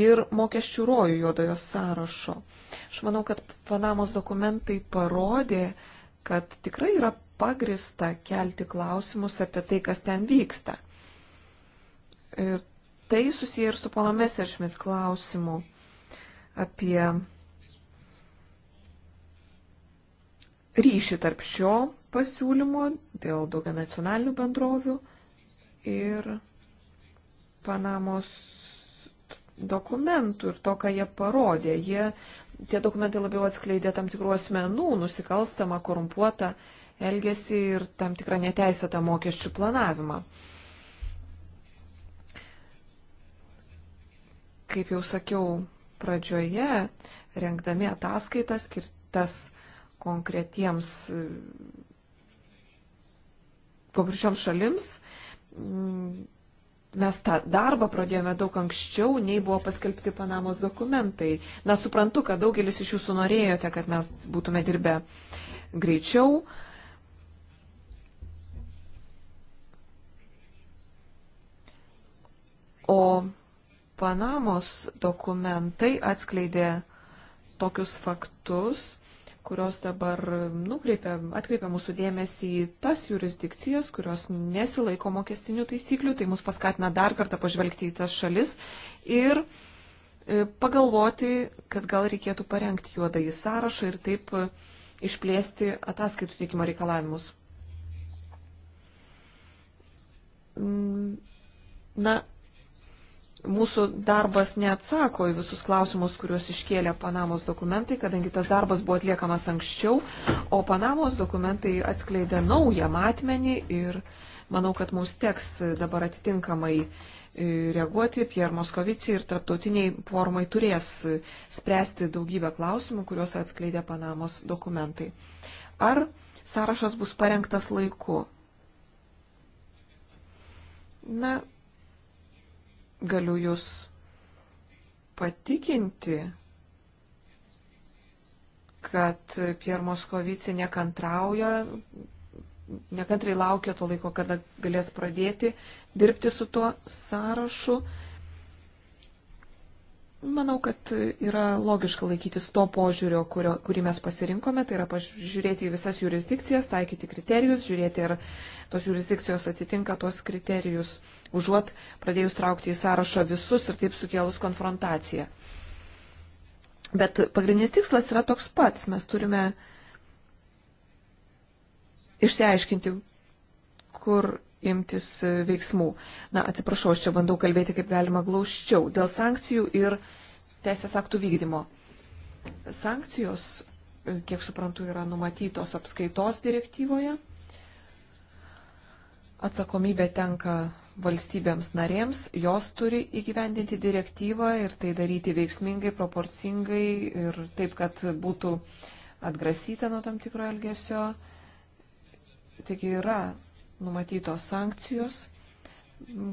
ir mokesčių rojų juodojo sąrašo. Aš manau, kad Panamos dokumentai parodė, kad tikrai yra pagrista kelti klausimus apie tai, kas ten vyksta. Ir tai susiję ir su pono Messerschmidt klausimu apie ryšį tarp šio pasiūlymo dėl daugia nacionalinių bendrovių ir Panamos dokumentų ir to, ką jie parodė. Jie tie dokumentai labiau atskleidė tam tikrų asmenų nusikalstamą, korumpuotą elgesį ir tam tikrą neteisėtą mokesčių planavimą. Kaip jau sakiau pradžioje, rengdami ataskaitas skirtas konkretiems konkrečioms šalims, mes tą darbą pradėjome daug anksčiau, nei buvo paskelbti Panamos dokumentai. Na, suprantu, kad daugelis iš jūsų norėjote, kad mes būtume dirbę greičiau. O Panamos dokumentai atskleidė tokius faktus, kurios dabar nukreipia, atkreipia mūsų dėmesį į tas jurisdikcijas, kurios nesilaiko mokestinių taisyklių, tai mus paskatina dar kartą pažvelgti į tas šalis ir e, pagalvoti, kad gal reikėtų parengti juodąjį sąrašą ir taip e, išplėsti ataskaitų teikimo reikalavimus. Mm, na, mūsų darbas neatsako į visus klausimus, kuriuos iškėlė Panamos dokumentai, kadangi tas darbas buvo atliekamas anksčiau, o Panamos dokumentai atskleidė naują matmenį ir manau, kad mums teks dabar atitinkamai e, reaguoti. Pierre Moskovici ir tarptautiniai formai turės e, spręsti daugybę klausimų, kuriuos atskleidė Panamos dokumentai. Ar sąrašas bus parengtas laiku? Na, galiu jūs patikinti, kad Pier Moskovici nekantrauja, nekantrai laukia to laiko, kada galės pradėti dirbti su tuo sąrašu. Manau, kad yra logiška laikytis to požiūrio, kurio, kurį mes pasirinkome, tai yra žiūrėti į visas jurisdikcijas, taikyti kriterijus, žiūrėti, ar tos jurisdikcijos atitinka tuos kriterijus, užuot pradėjus traukti į sąrašą visus ir taip sukėlus konfrontaciją. Bet pagrindinis tikslas yra toks pats. Mes turime išsiaiškinti, kur imtis veiksmų. Na, atsiprašau, aš čia bandau kalbėti kaip galima glaučiau. Dėl sankcijų ir teisės aktų vykdymo. Sankcijos, kiek suprantu, yra numatytos apskaitos direktyvoje. Atsakomybė tenka valstybėms narėms, jos turi įgyvendinti direktyvą ir tai daryti veiksmingai, proporcingai ir taip, kad būtų atgrasyta nuo tam tikro elgesio. Taigi yra numatytos sankcijos.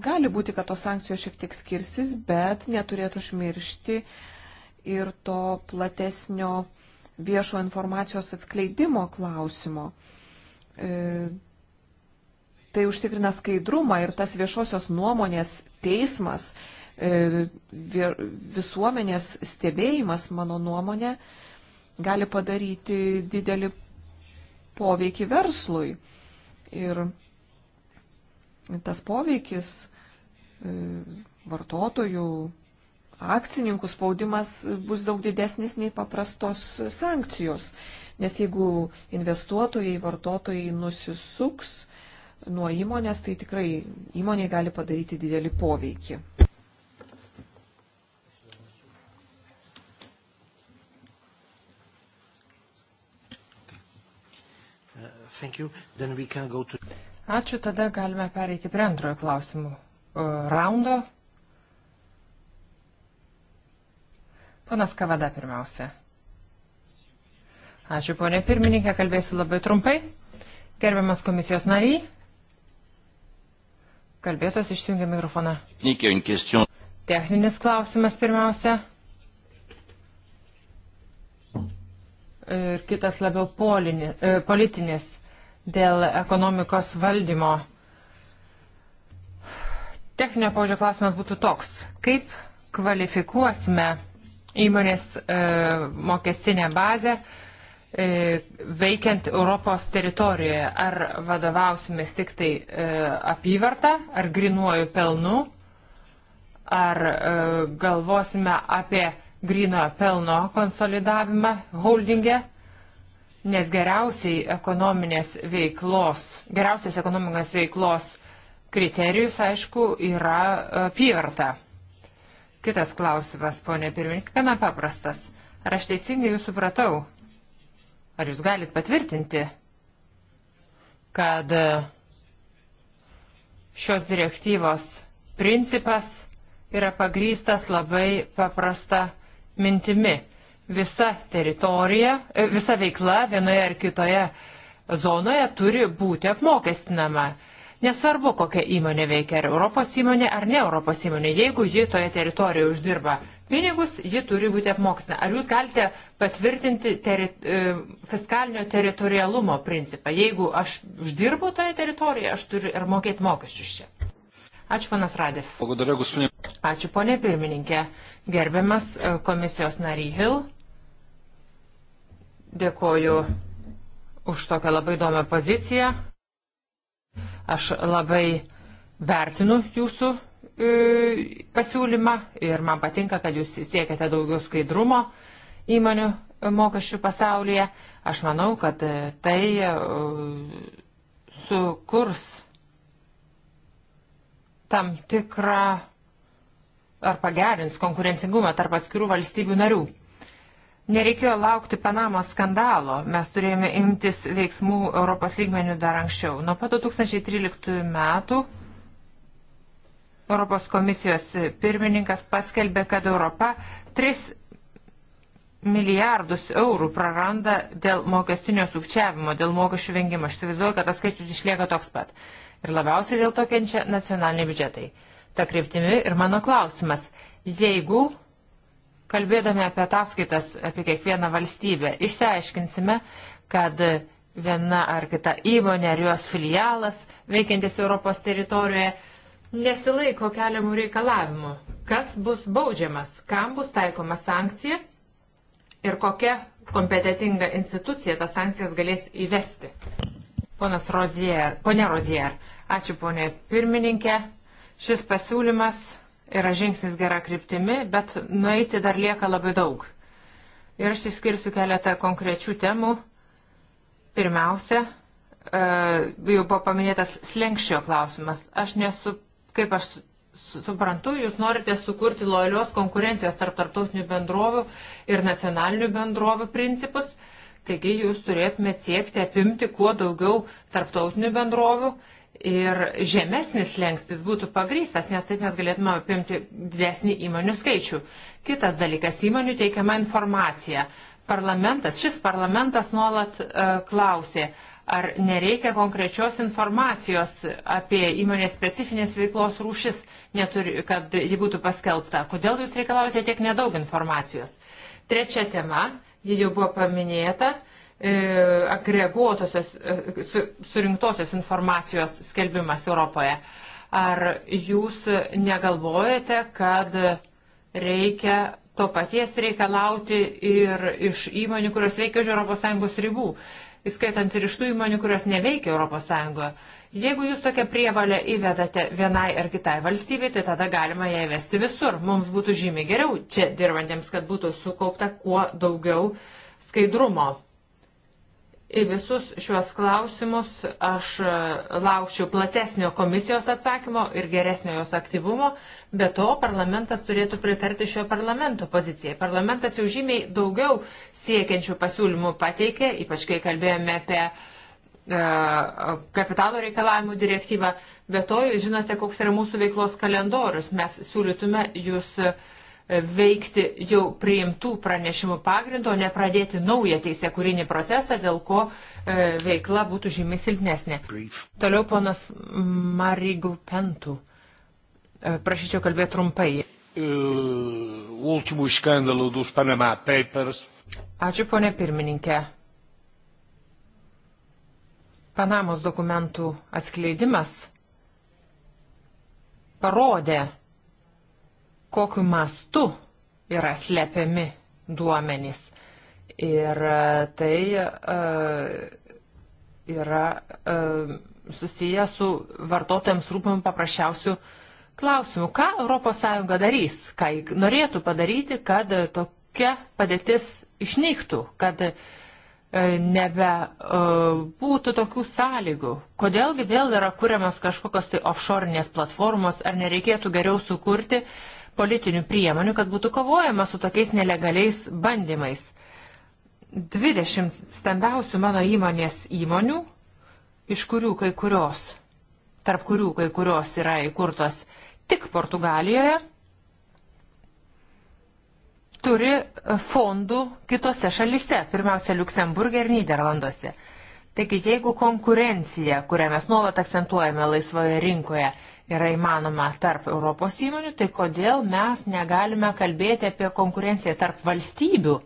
Gali būti, kad tos sankcijos šiek tiek skirsis, bet neturėtų užmiršti ir to platesnio viešo informacijos atskleidimo klausimo. E, tai užtikrina skaidrumą ir tas viešosios nuomonės teismas, e, visuomenės stebėjimas, mano nuomonė, gali padaryti didelį poveikį verslui. Ir tas poveikis e, vartotojų, akcininkų spaudimas bus daug didesnis nei paprastos sankcijos. Nes jeigu investuotojai, vartotojai nusisuks, nuo įmonės, tai tikrai įmonė gali padaryti didelį poveikį. To... Ačiū, tada galime pereiti prie antrojo klausimų e, raundo. Panas Kavada pirmiausia. Ačiū, ponė pirmininkė, kalbėsiu labai trumpai. Gerbiamas komisijos nariai, Kalbėtos išjungia mikrofoną. Techninis klausimas pirmiausia. Ir kitas labiau polinė, e, politinis dėl ekonomikos valdymo. Techninio paužio klausimas būtų toks. Kaip kvalifikuosime įmonės e, mokestinę bazę E, veikiant Europos teritorijoje. Ar vadovausimės tik tai e, apyvartą, ar grinuoju pelnu, ar e, galvosime apie grinojo pelno konsolidavimą holdinge, nes geriausiai ekonominės veiklos, geriausias ekonominės veiklos kriterijus, aišku, yra apyvarta. Kitas klausimas, ponė pirmininkė, gana paprastas. Ar aš teisingai jūs supratau? Ar jūs galit patvirtinti, kad šios direktyvos principas yra pagrystas labai paprasta mintimi. Visa teritorija, e, visa veikla vienoje ar kitoje zonoje turi būti apmokestinama. Nesvarbu, kokia įmonė veikia, ar Europos įmonė, ar ne Europos įmonė, jeigu ji toje teritorijoje uždirba pinigus, ji turi būti apmokestina. Ar jūs galite patvirtinti teri, e, fiskalinio teritorialumo principą? Jeigu aš uždirbu toje teritorijoje, aš turiu ir mokėti mokesčius čia. Ačiū, panas Radėf. Ačiū, ponė pirmininkė. Gerbiamas e, komisijos nary Hill. Dėkoju už tokią labai įdomią poziciją. Aš labai vertinu jūsų E, pasiūlymą ir man patinka, kad jūs siekiate daugiau skaidrumo įmonių mokesčių pasaulyje. Aš manau, kad tai e, sukurs tam tikrą ar pagerins konkurencingumą tarp atskirų valstybių narių. Nereikėjo laukti Panamos skandalo, mes turėjome imtis veiksmų Europos lygmenių dar anksčiau. Nuo pat 2013 metų Europos komisijos pirmininkas paskelbė, kad Europa 3 milijardus eurų praranda dėl mokestinio sukčiavimo, dėl mokesčių vengimo. Aš įsivaizduoju, kad tas skaičius išlieka toks pat. Ir labiausiai dėl to kenčia nacionaliniai biudžetai. Ta kryptimi ir mano klausimas. Jeigu, kalbėdami apie ataskaitas apie kiekvieną valstybę, išsiaiškinsime, kad viena ar kita įmonė ar jos filialas veikiantis Europos teritorijoje nesilaiko keliamų reikalavimų, kas bus baudžiamas, kam bus taikoma sankcija ir kokia kompetitinga institucija tas sankcijas galės įvesti. Ponas Rozier, ponė Rozier, ačiū ponė pirmininkė. Šis pasiūlymas yra žingsnis gera kryptimi, bet nueiti dar lieka labai daug. Ir aš išskirsiu keletą konkrečių temų. Pirmiausia, e, jau buvo paminėtas slengščio klausimas. Aš nesu kaip aš suprantu, jūs norite sukurti lojalios konkurencijos tarp tarptautinių bendrovių ir nacionalinių bendrovių principus. Taigi jūs turėtumėte siekti apimti kuo daugiau tarptautinių bendrovių ir žemesnis lengstis būtų pagrystas, nes taip mes galėtume apimti didesnį įmonių skaičių. Kitas dalykas - įmonių teikiama informacija. Parlamentas, šis parlamentas nuolat uh, klausė, uh, Ar nereikia konkrečios informacijos apie įmonės specifinės veiklos rūšis, neturi, kad ji būtų paskelbta? Kodėl jūs reikalaujate tiek nedaug informacijos? Trečia tema, ji jau buvo paminėta, e, agreguotosios, e, su, surinktosios informacijos skelbimas Europoje. Ar jūs negalvojate, kad reikia to paties reikalauti ir iš įmonių, kurios veikia už ES ribų įskaitant ir iš tų įmonių, kurios neveikia ES. Jeigu jūs tokią prievalę įvedate vienai ar kitai valstybei, tai tada galima ją įvesti visur. Mums būtų žymiai geriau čia dirbantiems, kad būtų sukaupta kuo daugiau skaidrumo. Į visus šiuos klausimus aš e, laukščiau platesnio komisijos atsakymo ir geresnio jos aktyvumo, bet to parlamentas turėtų pritarti šio parlamento pozicijai. Parlamentas jau žymiai daugiau siekiančių pasiūlymų pateikė, ypač kai kalbėjome apie e, kapitalo reikalavimų direktyvą, bet to žinote, koks yra mūsų veiklos kalendorius. Mes siūlytume jūs. E, veikti jau priimtų pranešimų pagrindo, nepradėti naują teisę kūrinį procesą, dėl ko e, veikla būtų žymiai silpnesnė. Brief. Toliau ponas Marigų Pentų. E, prašyčiau kalbėti trumpai. Uh, Ačiū, ponė pirmininkė. Panamos dokumentų atskleidimas parodė, kokiu mastu yra slepiami duomenys. Ir e, tai e, yra e, susiję su vartotojams rūpimu paprasčiausių klausimų. Ką ES darys, ką norėtų padaryti, kad tokia padėtis išnyktų, kad nebebūtų tokių sąlygų. Kodėlgi vėl yra kuriamas kažkokios tai offshore'inės platformos, ar nereikėtų geriau sukurti politinių priemonių, kad būtų kovojama su tokiais nelegaliais bandymais. 20 stambiausių mano įmonės įmonių, iš kurių kai kurios, tarp kurių kai kurios yra įkurtos tik Portugalijoje, turi fondų kitose šalise, pirmiausia Luksemburgė ir Niderlanduose. Taigi jeigu konkurencija, kurią mes nuolat akcentuojame laisvoje rinkoje, yra įmanoma tarp Europos įmonių, tai kodėl mes negalime kalbėti apie konkurenciją tarp valstybių?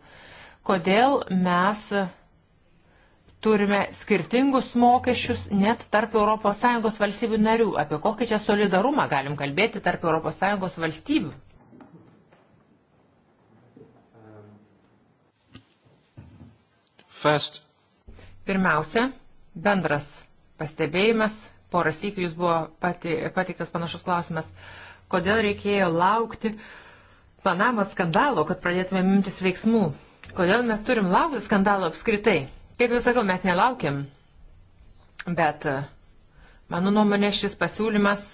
Kodėl mes turime skirtingus mokesčius net tarp ES valstybių narių? Apie kokį čia solidarumą galim kalbėti tarp ES valstybių? First. Pirmiausia, bendras pastebėjimas porą sykių jūs buvo pati, patiktas panašus klausimas, kodėl reikėjo laukti Panamos skandalo, kad pradėtume imtis veiksmų. Kodėl mes turim laukti skandalo apskritai? Kaip jau sakiau, mes nelaukiam. Bet mano nuomonė šis pasiūlymas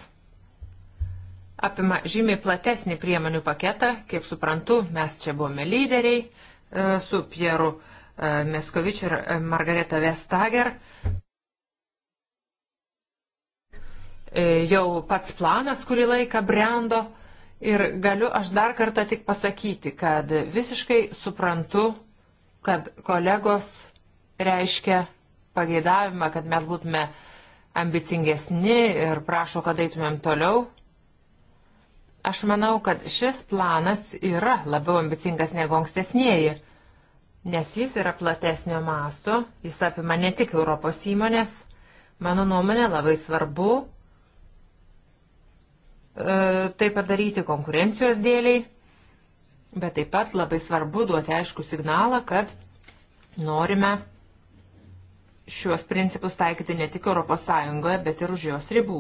apima žymiai platesnį priemonių paketą. Kaip suprantu, mes čia buvome lyderiai e, su Pieru e, Meskovičiu ir e, Margareta Vestager E, jau pats planas kurį laiką brendo ir galiu aš dar kartą tik pasakyti, kad visiškai suprantu, kad kolegos reiškia pageidavimą, kad mes būtume ambicingesni ir prašo, kad eitumėm toliau. Aš manau, kad šis planas yra labiau ambicingas negu ankstesnėji, nes jis yra platesnio masto, jis apima ne tik Europos įmonės. Mano nuomonė labai svarbu E, tai padaryti konkurencijos dėliai, bet taip pat labai svarbu duoti aišku signalą, kad norime šiuos principus taikyti ne tik ES, bet ir už jos ribų.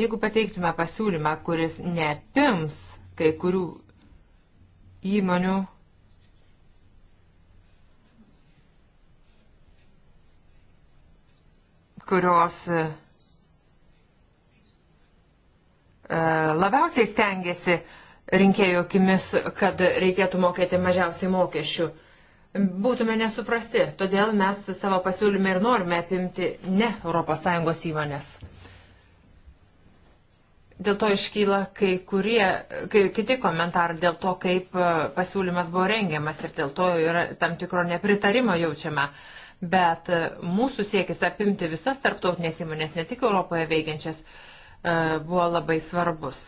Jeigu pateiktume pasiūlymą, kuris neapims kai kurių įmonių, kurios uh, E, labiausiai stengiasi rinkėjo akimis, kad reikėtų mokėti mažiausiai mokesčių. Būtume nesuprasti, todėl mes savo pasiūlymą ir norime apimti ne ES įmonės. Dėl to iškyla kai kurie, kai, kiti komentarai dėl to, kaip e, pasiūlymas buvo rengiamas ir dėl to yra tam tikro nepritarimo jaučiama. Bet e, mūsų siekis apimti visas tarptautinės įmonės, ne tik Europoje veikiančias, uh, E, buvo labai svarbus.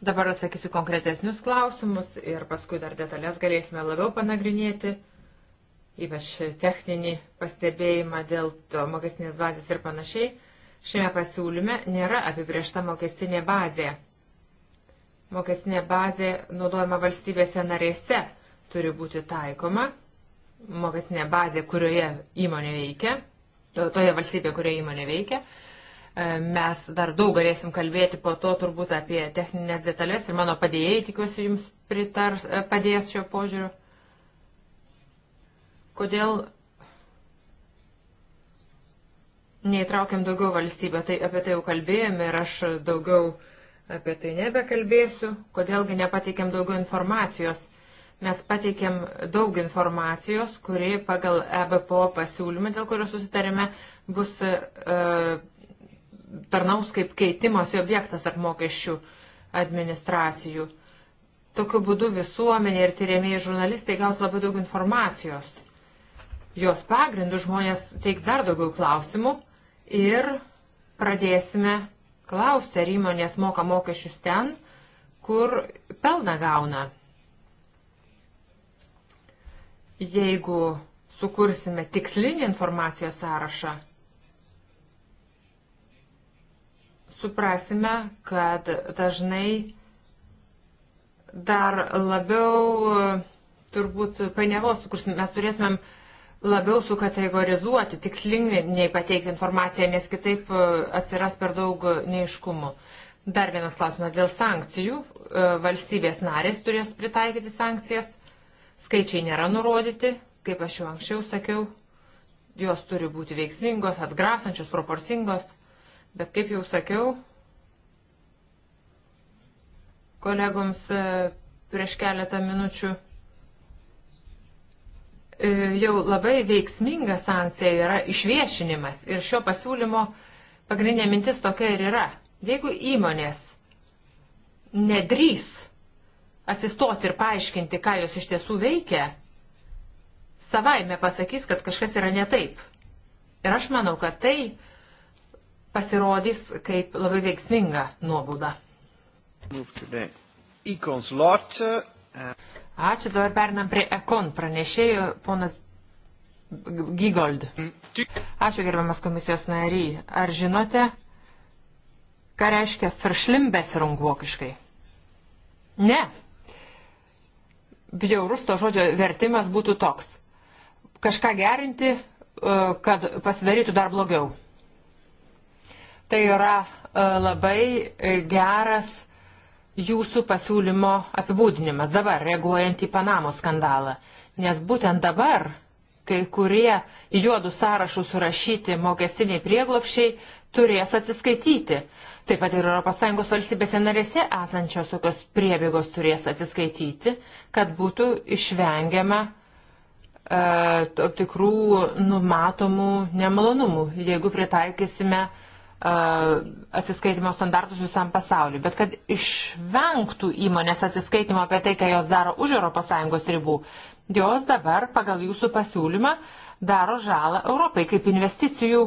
Dabar atsakysiu konkretesnius klausimus ir paskui dar detalės galėsime labiau panagrinėti, ypač techninį pastebėjimą dėl mokestinės bazės ir panašiai. Šiame pasiūlyme nėra apibriešta mokestinė bazė. Mokestinė bazė naudojama valstybėse narėse turi būti taikoma. Mokestinė bazė, kurioje įmonė veikia, toje valstybėje, kurioje įmonė veikia. E, mes dar daug galėsim kalbėti po to turbūt apie techninės detalės ir mano padėjėjai tikiuosi jums pritars, e, padės šio požiūriu. Kodėl neįtraukiam daugiau valstybę, tai apie tai jau kalbėjome ir aš daugiau apie tai nebekalbėsiu. Kodėlgi nepateikėm daugiau informacijos? Mes pateikėm daug informacijos, kuri pagal EBPO pasiūlymą, dėl kurio susitarime, bus e, tarnaus kaip keitimosi objektas tarp mokesčių administracijų. Tokiu būdu visuomenė ir tyriamieji žurnalistai gaus labai daug informacijos. Jos pagrindų žmonės teiks dar daugiau klausimų ir pradėsime klausti, ar įmonės moka mokesčius ten, kur pelną gauna. Jeigu sukursime tikslinį informacijos sąrašą, suprasime, kad dažnai dar labiau turbūt painiavos sukursime. Mes turėtumėm labiau sukategorizuoti, tikslingai pateikti informaciją, nes kitaip e, atsiras per daug e, neiškumų. Dar vienas klausimas dėl sankcijų. E, valstybės narės turės pritaikyti sankcijas. Skaičiai nėra nurodyti, kaip aš jau anksčiau sakiau. Jos turi būti veiksmingos, atgrasančios, proporcingos. Bet kaip jau sakiau, kolegoms e, prieš keletą minučių e, jau labai veiksminga sankcija yra išviešinimas. Ir šio pasiūlymo pagrindinė mintis tokia ir yra. Jeigu įmonės nedrys atsistoti ir paaiškinti, ką jos iš tiesų veikia, savaime pasakys, kad kažkas yra ne taip. Ir aš manau, kad tai pasirodys kaip labai veiksminga nuobauda. Uh, Ačiū, dabar pernam prie Ekon pranešėjo ponas Gigold. Ačiū gerbiamas komisijos nariai. Ar žinote, ką reiškia firšlimbesirung vokiškai? Ne. Bjaurus to žodžio vertimas būtų toks. Kažką gerinti, uh, kad pasidarytų dar blogiau. Tai yra e, labai e, geras jūsų pasiūlymo apibūdinimas dabar, reaguojant į Panamo skandalą. Nes būtent dabar kai kurie į juodų sąrašų surašyti mokestiniai prieglopšiai turės atsiskaityti. Taip pat ir ES valstybėse narėse esančios tokios priebėgos turės atsiskaityti, kad būtų išvengiama e, tikrų numatomų nemalonumų, jeigu pritaikysime e, atsiskaitimo standartus visam pasauliu, bet kad išvengtų įmonės atsiskaitimo apie tai, ką jos daro už ES ribų, jos dabar pagal jūsų pasiūlymą daro žalą Europai kaip investicijų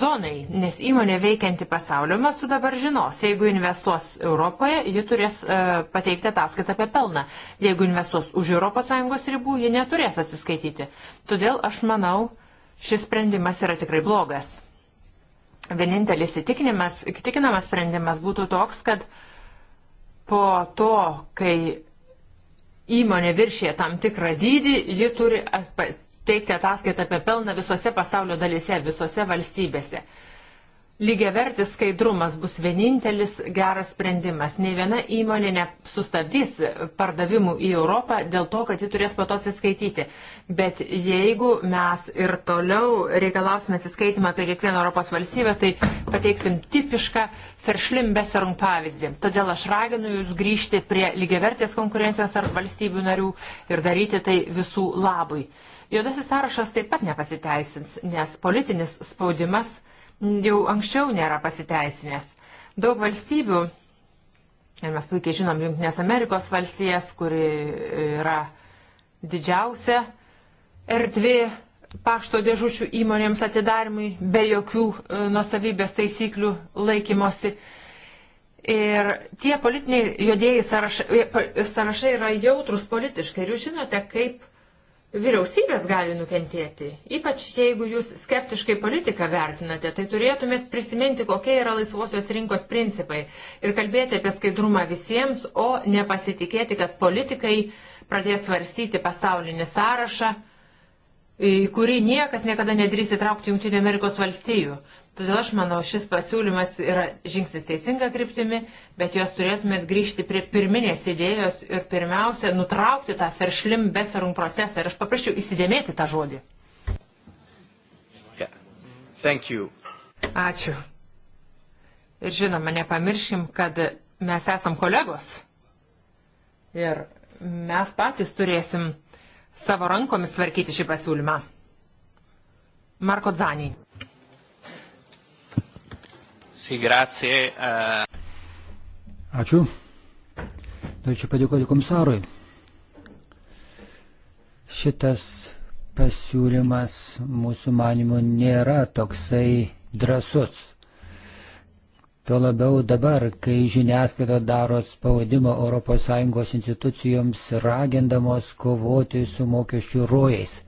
zonai, nes įmonė veikianti pasaulio mastu dabar žinos, jeigu investuos Europoje, ji turės e, pateikti ataskaitą apie pelną. Jeigu investuos už ES ribų, ji neturės atsiskaityti. Todėl aš manau, šis sprendimas yra tikrai blogas vienintelis įtikinimas, įtikinamas sprendimas būtų toks, kad po to, kai įmonė viršė tam tikrą dydį, ji turi teikti ataskaitą apie pelną visose pasaulio dalyse, visose valstybėse. Lygiavertis skaidrumas bus vienintelis geras sprendimas. Ne viena įmonė nesustabdys pardavimų į Europą dėl to, kad ji turės po to atsiskaityti. Bet jeigu mes ir toliau reikalausime atsiskaitimą apie kiekvieną Europos valstybę, tai pateiksim tipišką feršlim besarung pavyzdį. Todėl aš raginu jūs grįžti prie lygiavertės konkurencijos ar valstybių narių ir daryti tai visų labui. Juodasis sąrašas taip pat nepasiteisins, nes politinis spaudimas jau anksčiau nėra pasiteisinęs. Daug valstybių, ir mes puikiai žinom Junktinės Amerikos valstijas, kuri yra didžiausia erdvė pašto dėžučių įmonėms atidarimui be jokių e, nusavybės taisyklių laikymosi. Ir tie politiniai judėjai sąrašai, e, sąrašai yra jautrus politiškai. Ir jūs žinote, kaip vyriausybės gali nukentėti. Ypač jeigu jūs skeptiškai politiką vertinate, tai turėtumėt prisiminti, kokie yra laisvosios rinkos principai ir kalbėti apie skaidrumą visiems, o nepasitikėti, kad politikai pradės svarstyti pasaulinį sąrašą, į kurį niekas niekada nedrįs įtraukti Junktinio Amerikos valstijų. Todėl aš manau, šis pasiūlymas yra žingsnis teisinga kryptimi, bet jos turėtumėt grįžti prie pirminės idėjos ir pirmiausia, nutraukti tą feršlim besarum procesą. Ir aš paprašiau įsidėmėti tą žodį. Yeah. Ačiū. Ir žinoma, nepamirškim, kad mes esam kolegos. Ir mes patys turėsim savo rankomis svarkyti šį pasiūlymą. Marko Dzaniai. Sì, grazie. Eh. Ačiū. Norėčiau padėkoti komisarui. Šitas pasiūlymas mūsų manimų nėra toksai drasus. Tuo labiau dabar, kai žiniasklaida daro spaudimą ES institucijoms ragindamos kovoti su mokesčių rojais.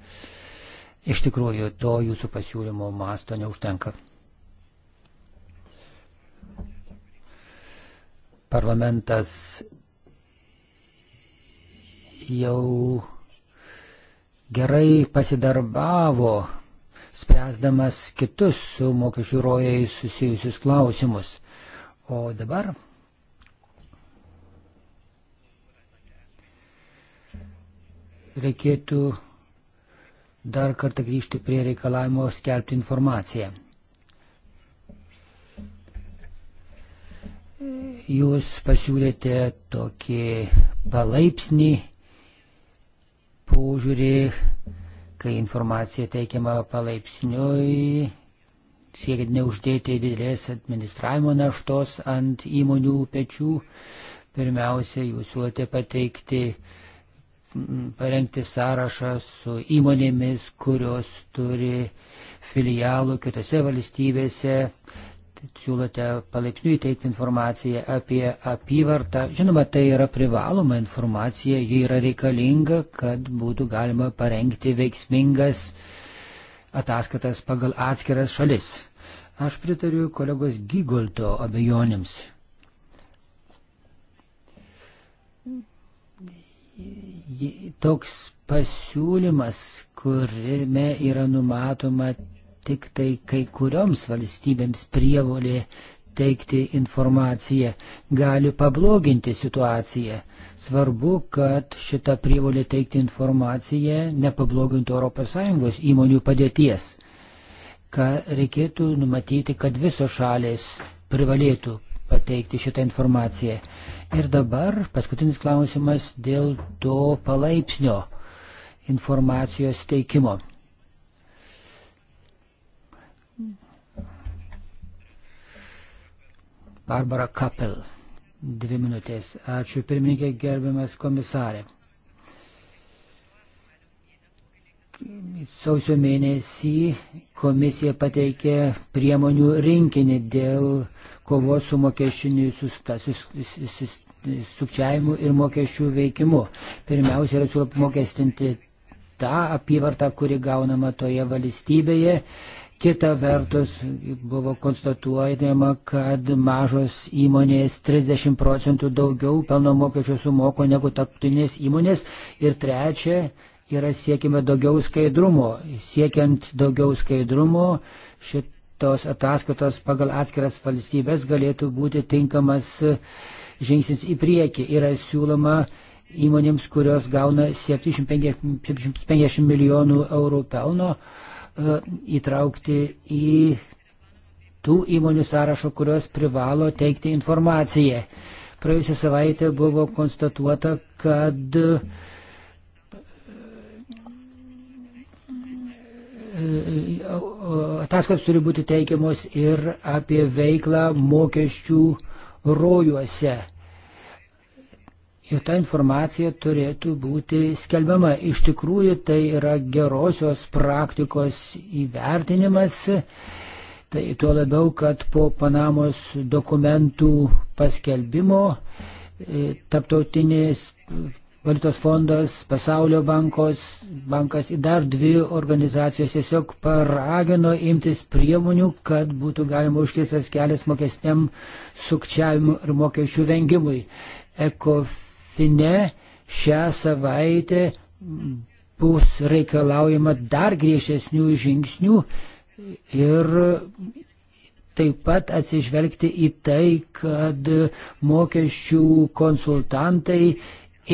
Iš tikrųjų, to jūsų pasiūlymo masto neužtenka. parlamentas jau gerai pasidarbavo, spręsdamas kitus su mokesčių rojai susijusius klausimus. O dabar reikėtų dar kartą grįžti prie reikalavimo skelbti informaciją. Jūs pasiūlėte tokį palaipsnį požiūrį, kai informacija teikiama palaipsniui, siekiant neuždėti didelės administravimo naštos ant įmonių pečių. Pirmiausia, jūs siūlote pateikti, parengti sąrašą su įmonėmis, kurios turi filialų kitose valstybėse siūlote palaipsniui teikti informaciją apie apyvartą. Žinoma, tai yra privaloma informacija, ji yra reikalinga, kad būtų galima parengti veiksmingas ataskaitas pagal atskiras šalis. Aš pritariu kolegos Gigolto abejonėms. Toks pasiūlymas, kuriame yra numatoma tik tai kai kurioms valstybėms prievolė teikti informaciją gali pabloginti situaciją. Svarbu, kad šita prievolė teikti informaciją nepablogintų ES įmonių padėties. Ką reikėtų numatyti, kad visos šalės privalėtų pateikti šitą informaciją. Ir dabar paskutinis klausimas dėl to palaipsnio informacijos teikimo. Barbara Kapel. Dvi minutės. Ačiū pirmininkė, gerbiamas komisarė. Sausio mėnesį komisija pateikė priemonių rinkinį dėl kovos su mokesčiniu sukčiavimu ir mokesčių veikimu. Pirmiausia, yra siūloma mokestinti tą apyvartą, kuri gaunama toje valstybėje Kita vertus buvo konstatuojama, kad mažos įmonės 30 procentų daugiau pelno mokesčio sumoko negu tarptautinės įmonės. Ir trečia, yra siekime daugiau skaidrumo. Siekiant daugiau skaidrumo, šitos ataskaitos pagal atskiras valstybės galėtų būti tinkamas žingsnis į priekį. Yra siūloma įmonėms, kurios gauna 750 milijonų eurų pelno E, įtraukti į tų įmonių sąrašo, kurios privalo teikti informaciją. Praėjusią savaitę buvo konstatuota, kad e, ataskaitos turi būti teikiamos ir apie veiklą mokesčių rojuose. Ir ta informacija turėtų būti skelbiama. Iš tikrųjų tai yra gerosios praktikos įvertinimas. Tai tuo labiau, kad po Panamos dokumentų paskelbimo e, Taptautinis valiutos fondas, Pasaulio bankos, bankas ir dar dvi organizacijos tiesiog paragino imtis priemonių, kad būtų galima užkėstas kelias mokesniam sukčiavimui ir mokesčių vengimui. ECOF Fine šią savaitę bus reikalaujama dar griežesnių žingsnių ir taip pat atsižvelgti į tai, kad mokesčių konsultantai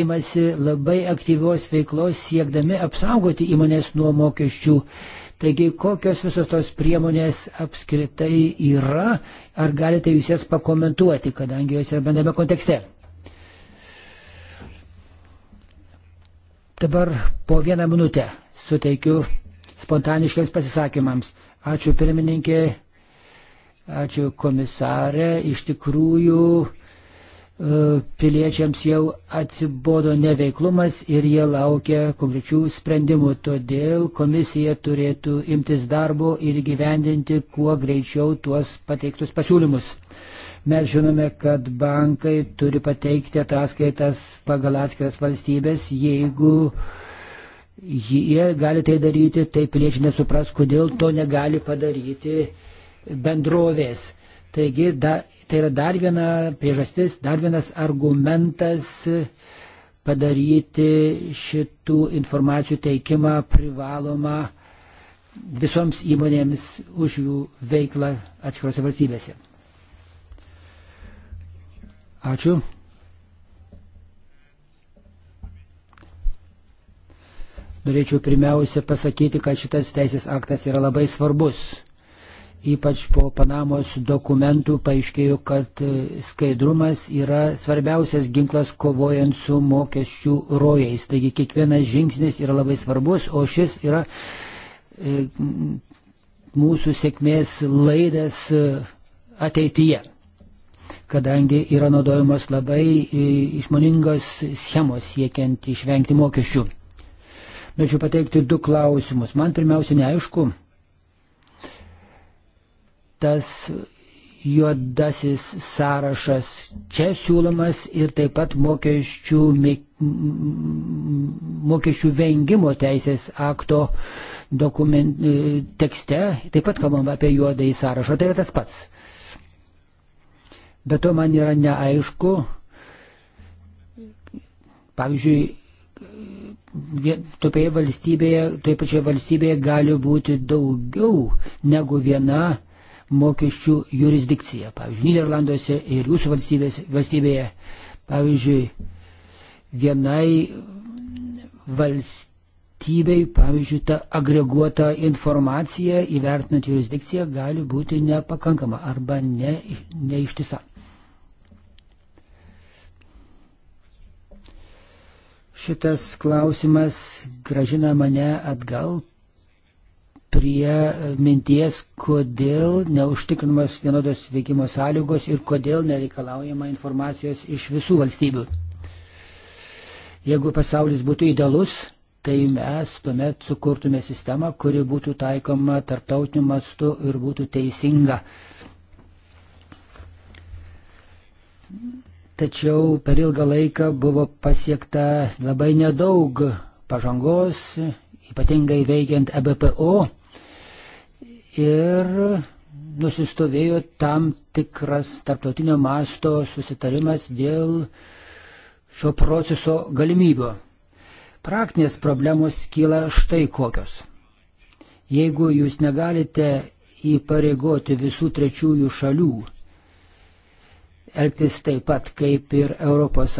imasi labai aktyvios veiklos siekdami apsaugoti įmonės nuo mokesčių. Taigi, kokios visos tos priemonės apskritai yra, ar galite jūs jas pakomentuoti, kadangi jos yra bendame kontekste? Dabar po vieną minutę suteikiu spontaniškiams pasisakymams. Ačiū pirmininkė, ačiū komisarė. Iš tikrųjų, e, piliečiams jau atsibodo neveiklumas ir jie laukia konkrečių sprendimų. Todėl komisija turėtų imtis darbo ir gyvendinti kuo greičiau tuos pateiktus pasiūlymus. Mes žinome, kad bankai turi pateikti ataskaitas pagal atskiras valstybės, jeigu jie gali tai daryti, tai piliečiai nesupras, kodėl to negali padaryti bendrovės. Taigi da, tai yra dar viena priežastis, dar vienas argumentas padaryti šitų informacijų teikimą privalomą visoms įmonėms už jų veiklą atskirose valstybėse. Ačiū. Norėčiau pirmiausia pasakyti, kad šitas teisės aktas yra labai svarbus. Ypač po Panamos dokumentų paaiškėjo, kad skaidrumas yra svarbiausias ginklas kovojant su mokesčių rojais. Taigi kiekvienas žingsnis yra labai svarbus, o šis yra e, mūsų sėkmės laidas e, ateityje kadangi yra naudojamos labai e, išmoningos schemos siekiant išvengti mokesčių. Norėčiau pateikti du klausimus. Man pirmiausia neaišku, tas juodasis sąrašas čia siūlomas ir taip pat mokesčių, mokesčių vengimo teisės akto dokument, e, tekste, taip pat kalbam apie juodąjį sąrašą, tai yra tas pats. Bet to man yra neaišku, pavyzdžiui, topioje valstybėje, toje pačioje valstybėje gali būti daugiau negu viena mokesčių jurisdikcija. Pavyzdžiui, Niderlanduose ir jūsų valstybėje, pavyzdžiui, vienai valstybei, pavyzdžiui, ta agreguota informacija įvertinant jurisdikciją gali būti nepakankama arba ne, neištisa. Šitas klausimas gražina mane atgal prie minties, kodėl neužtikrinamas vienodos veikimo sąlygos ir kodėl nereikalaujama informacijos iš visų valstybių. Jeigu pasaulis būtų idealus, tai mes tuomet sukurtume sistemą, kuri būtų taikoma tarptautiniu mastu ir būtų teisinga tačiau per ilgą laiką buvo pasiekta labai nedaug pažangos, ypatingai veikiant EBPO ir nusistovėjo tam tikras tarptautinio masto susitarimas dėl šio proceso galimybių. Praktinės problemos kyla štai kokios. Jeigu jūs negalite įpareigoti visų trečiųjų šalių elgtis taip pat kaip ir ES,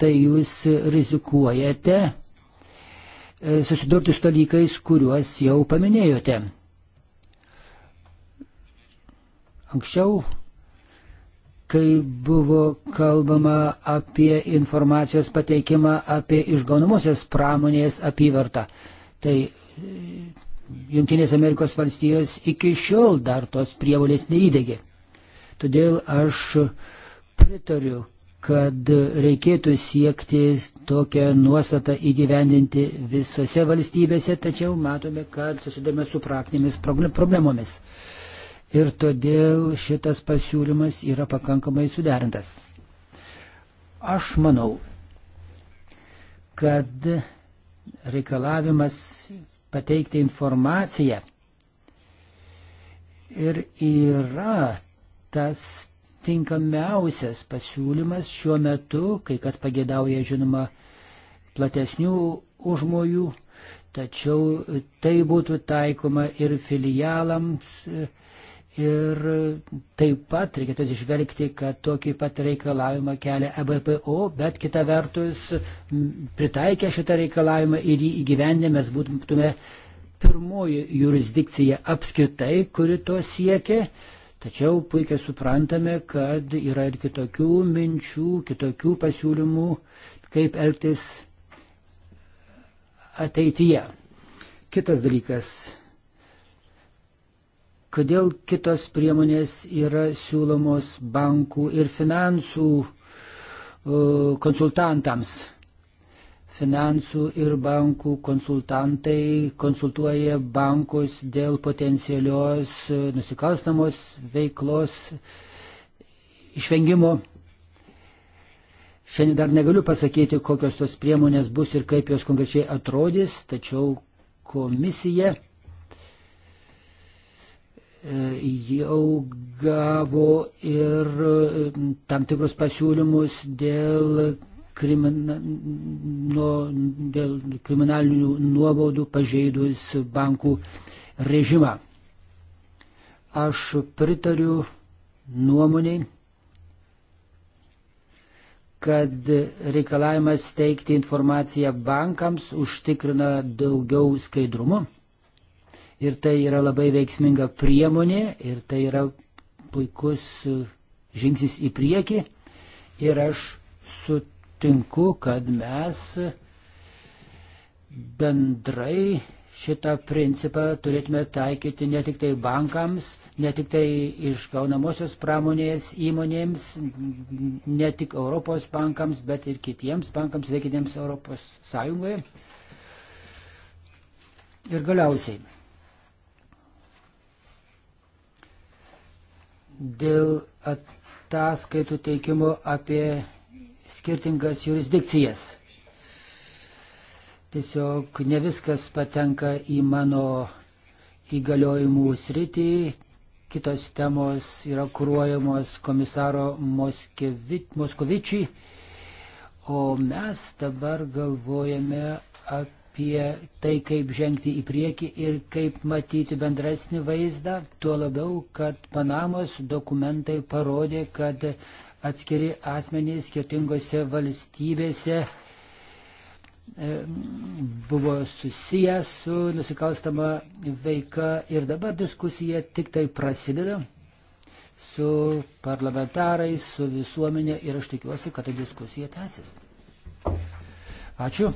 tai jūs rizikuojate e, susidurti su dalykais, kuriuos jau paminėjote. Anksčiau, kai buvo kalbama apie informacijos pateikimą apie išgaunamosios pramonės apyvartą, tai e, Junktinės Amerikos valstijos iki šiol dar tos prievolės neįdėgė. Todėl aš Pritariu, kad reikėtų siekti tokią nuostatą įgyvendinti visose valstybėse, tačiau matome, kad susidame su praktinėmis problemomis. Ir todėl šitas pasiūlymas yra pakankamai suderintas. Aš manau, kad reikalavimas pateikti informaciją ir yra tas tinkamiausias pasiūlymas šiuo metu, kai kas pagėdauja, žinoma, platesnių užmojų, tačiau tai būtų taikoma ir filialams. Ir taip pat reikėtų išvelgti, kad tokį pat reikalavimą kelia EBPO, bet kita vertus, pritaikę šitą reikalavimą ir jį įgyvendę mes būtume pirmoji jurisdikcija apskritai, kuri to siekia. Tačiau puikiai suprantame, kad yra ir kitokių minčių, kitokių pasiūlymų, kaip elgtis ateityje. Kitas dalykas. Kodėl kitos priemonės yra siūlomos bankų ir finansų uh, konsultantams? finansų ir bankų konsultantai konsultuoja bankus dėl potencialios e, nusikalstamos veiklos išvengimo. Šiandien dar negaliu pasakyti, kokios tos priemonės bus ir kaip jos konkrečiai atrodys, tačiau komisija e, jau gavo ir e, tam tikrus pasiūlymus dėl krimina, nuo, dėl kriminalinių nuobaudų pažeidus bankų režimą. Aš pritariu nuomoniai, kad reikalavimas teikti informaciją bankams užtikrina daugiau skaidrumo. Ir tai yra labai veiksminga priemonė ir tai yra puikus žingsnis į priekį. Ir aš su sutinku, kad mes bendrai šitą principą turėtume taikyti ne tik tai bankams, ne tik tai išgaunamosios pramonės įmonėms, ne tik Europos bankams, bet ir kitiems bankams veikitiems Europos Sąjungoje. Ir galiausiai. Dėl ataskaitų teikimo apie skirtingas jurisdikcijas. Tiesiog ne viskas patenka į mano įgaliojimų sritį, kitos temos yra kūruojamos komisaro Moskovičiai, o mes dabar galvojame apie tai, kaip žengti į priekį ir kaip matyti bendresnį vaizdą, tuo labiau, kad Panamos dokumentai parodė, kad atskiri asmenys skirtingose valstybėse e, buvo susijęs su nusikalstama veika ir dabar diskusija tik tai prasideda su parlamentarais, su visuomenė ir aš tikiuosi, kad ta diskusija tęsis. Ačiū.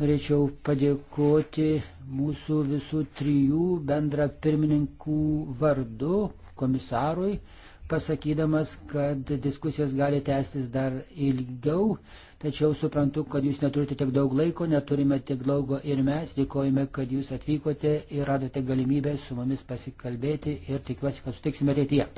Norėčiau padėkoti mūsų visų trijų bendra pirmininkų vardu komisarui pasakydamas, kad diskusijos gali tęstis dar ilgiau, tačiau suprantu, kad jūs neturite tiek daug laiko, neturime tiek daugo ir mes dėkojame, kad jūs atvykote ir radote galimybę su mumis pasikalbėti ir tikiuosi, kad sutiksime ateityje.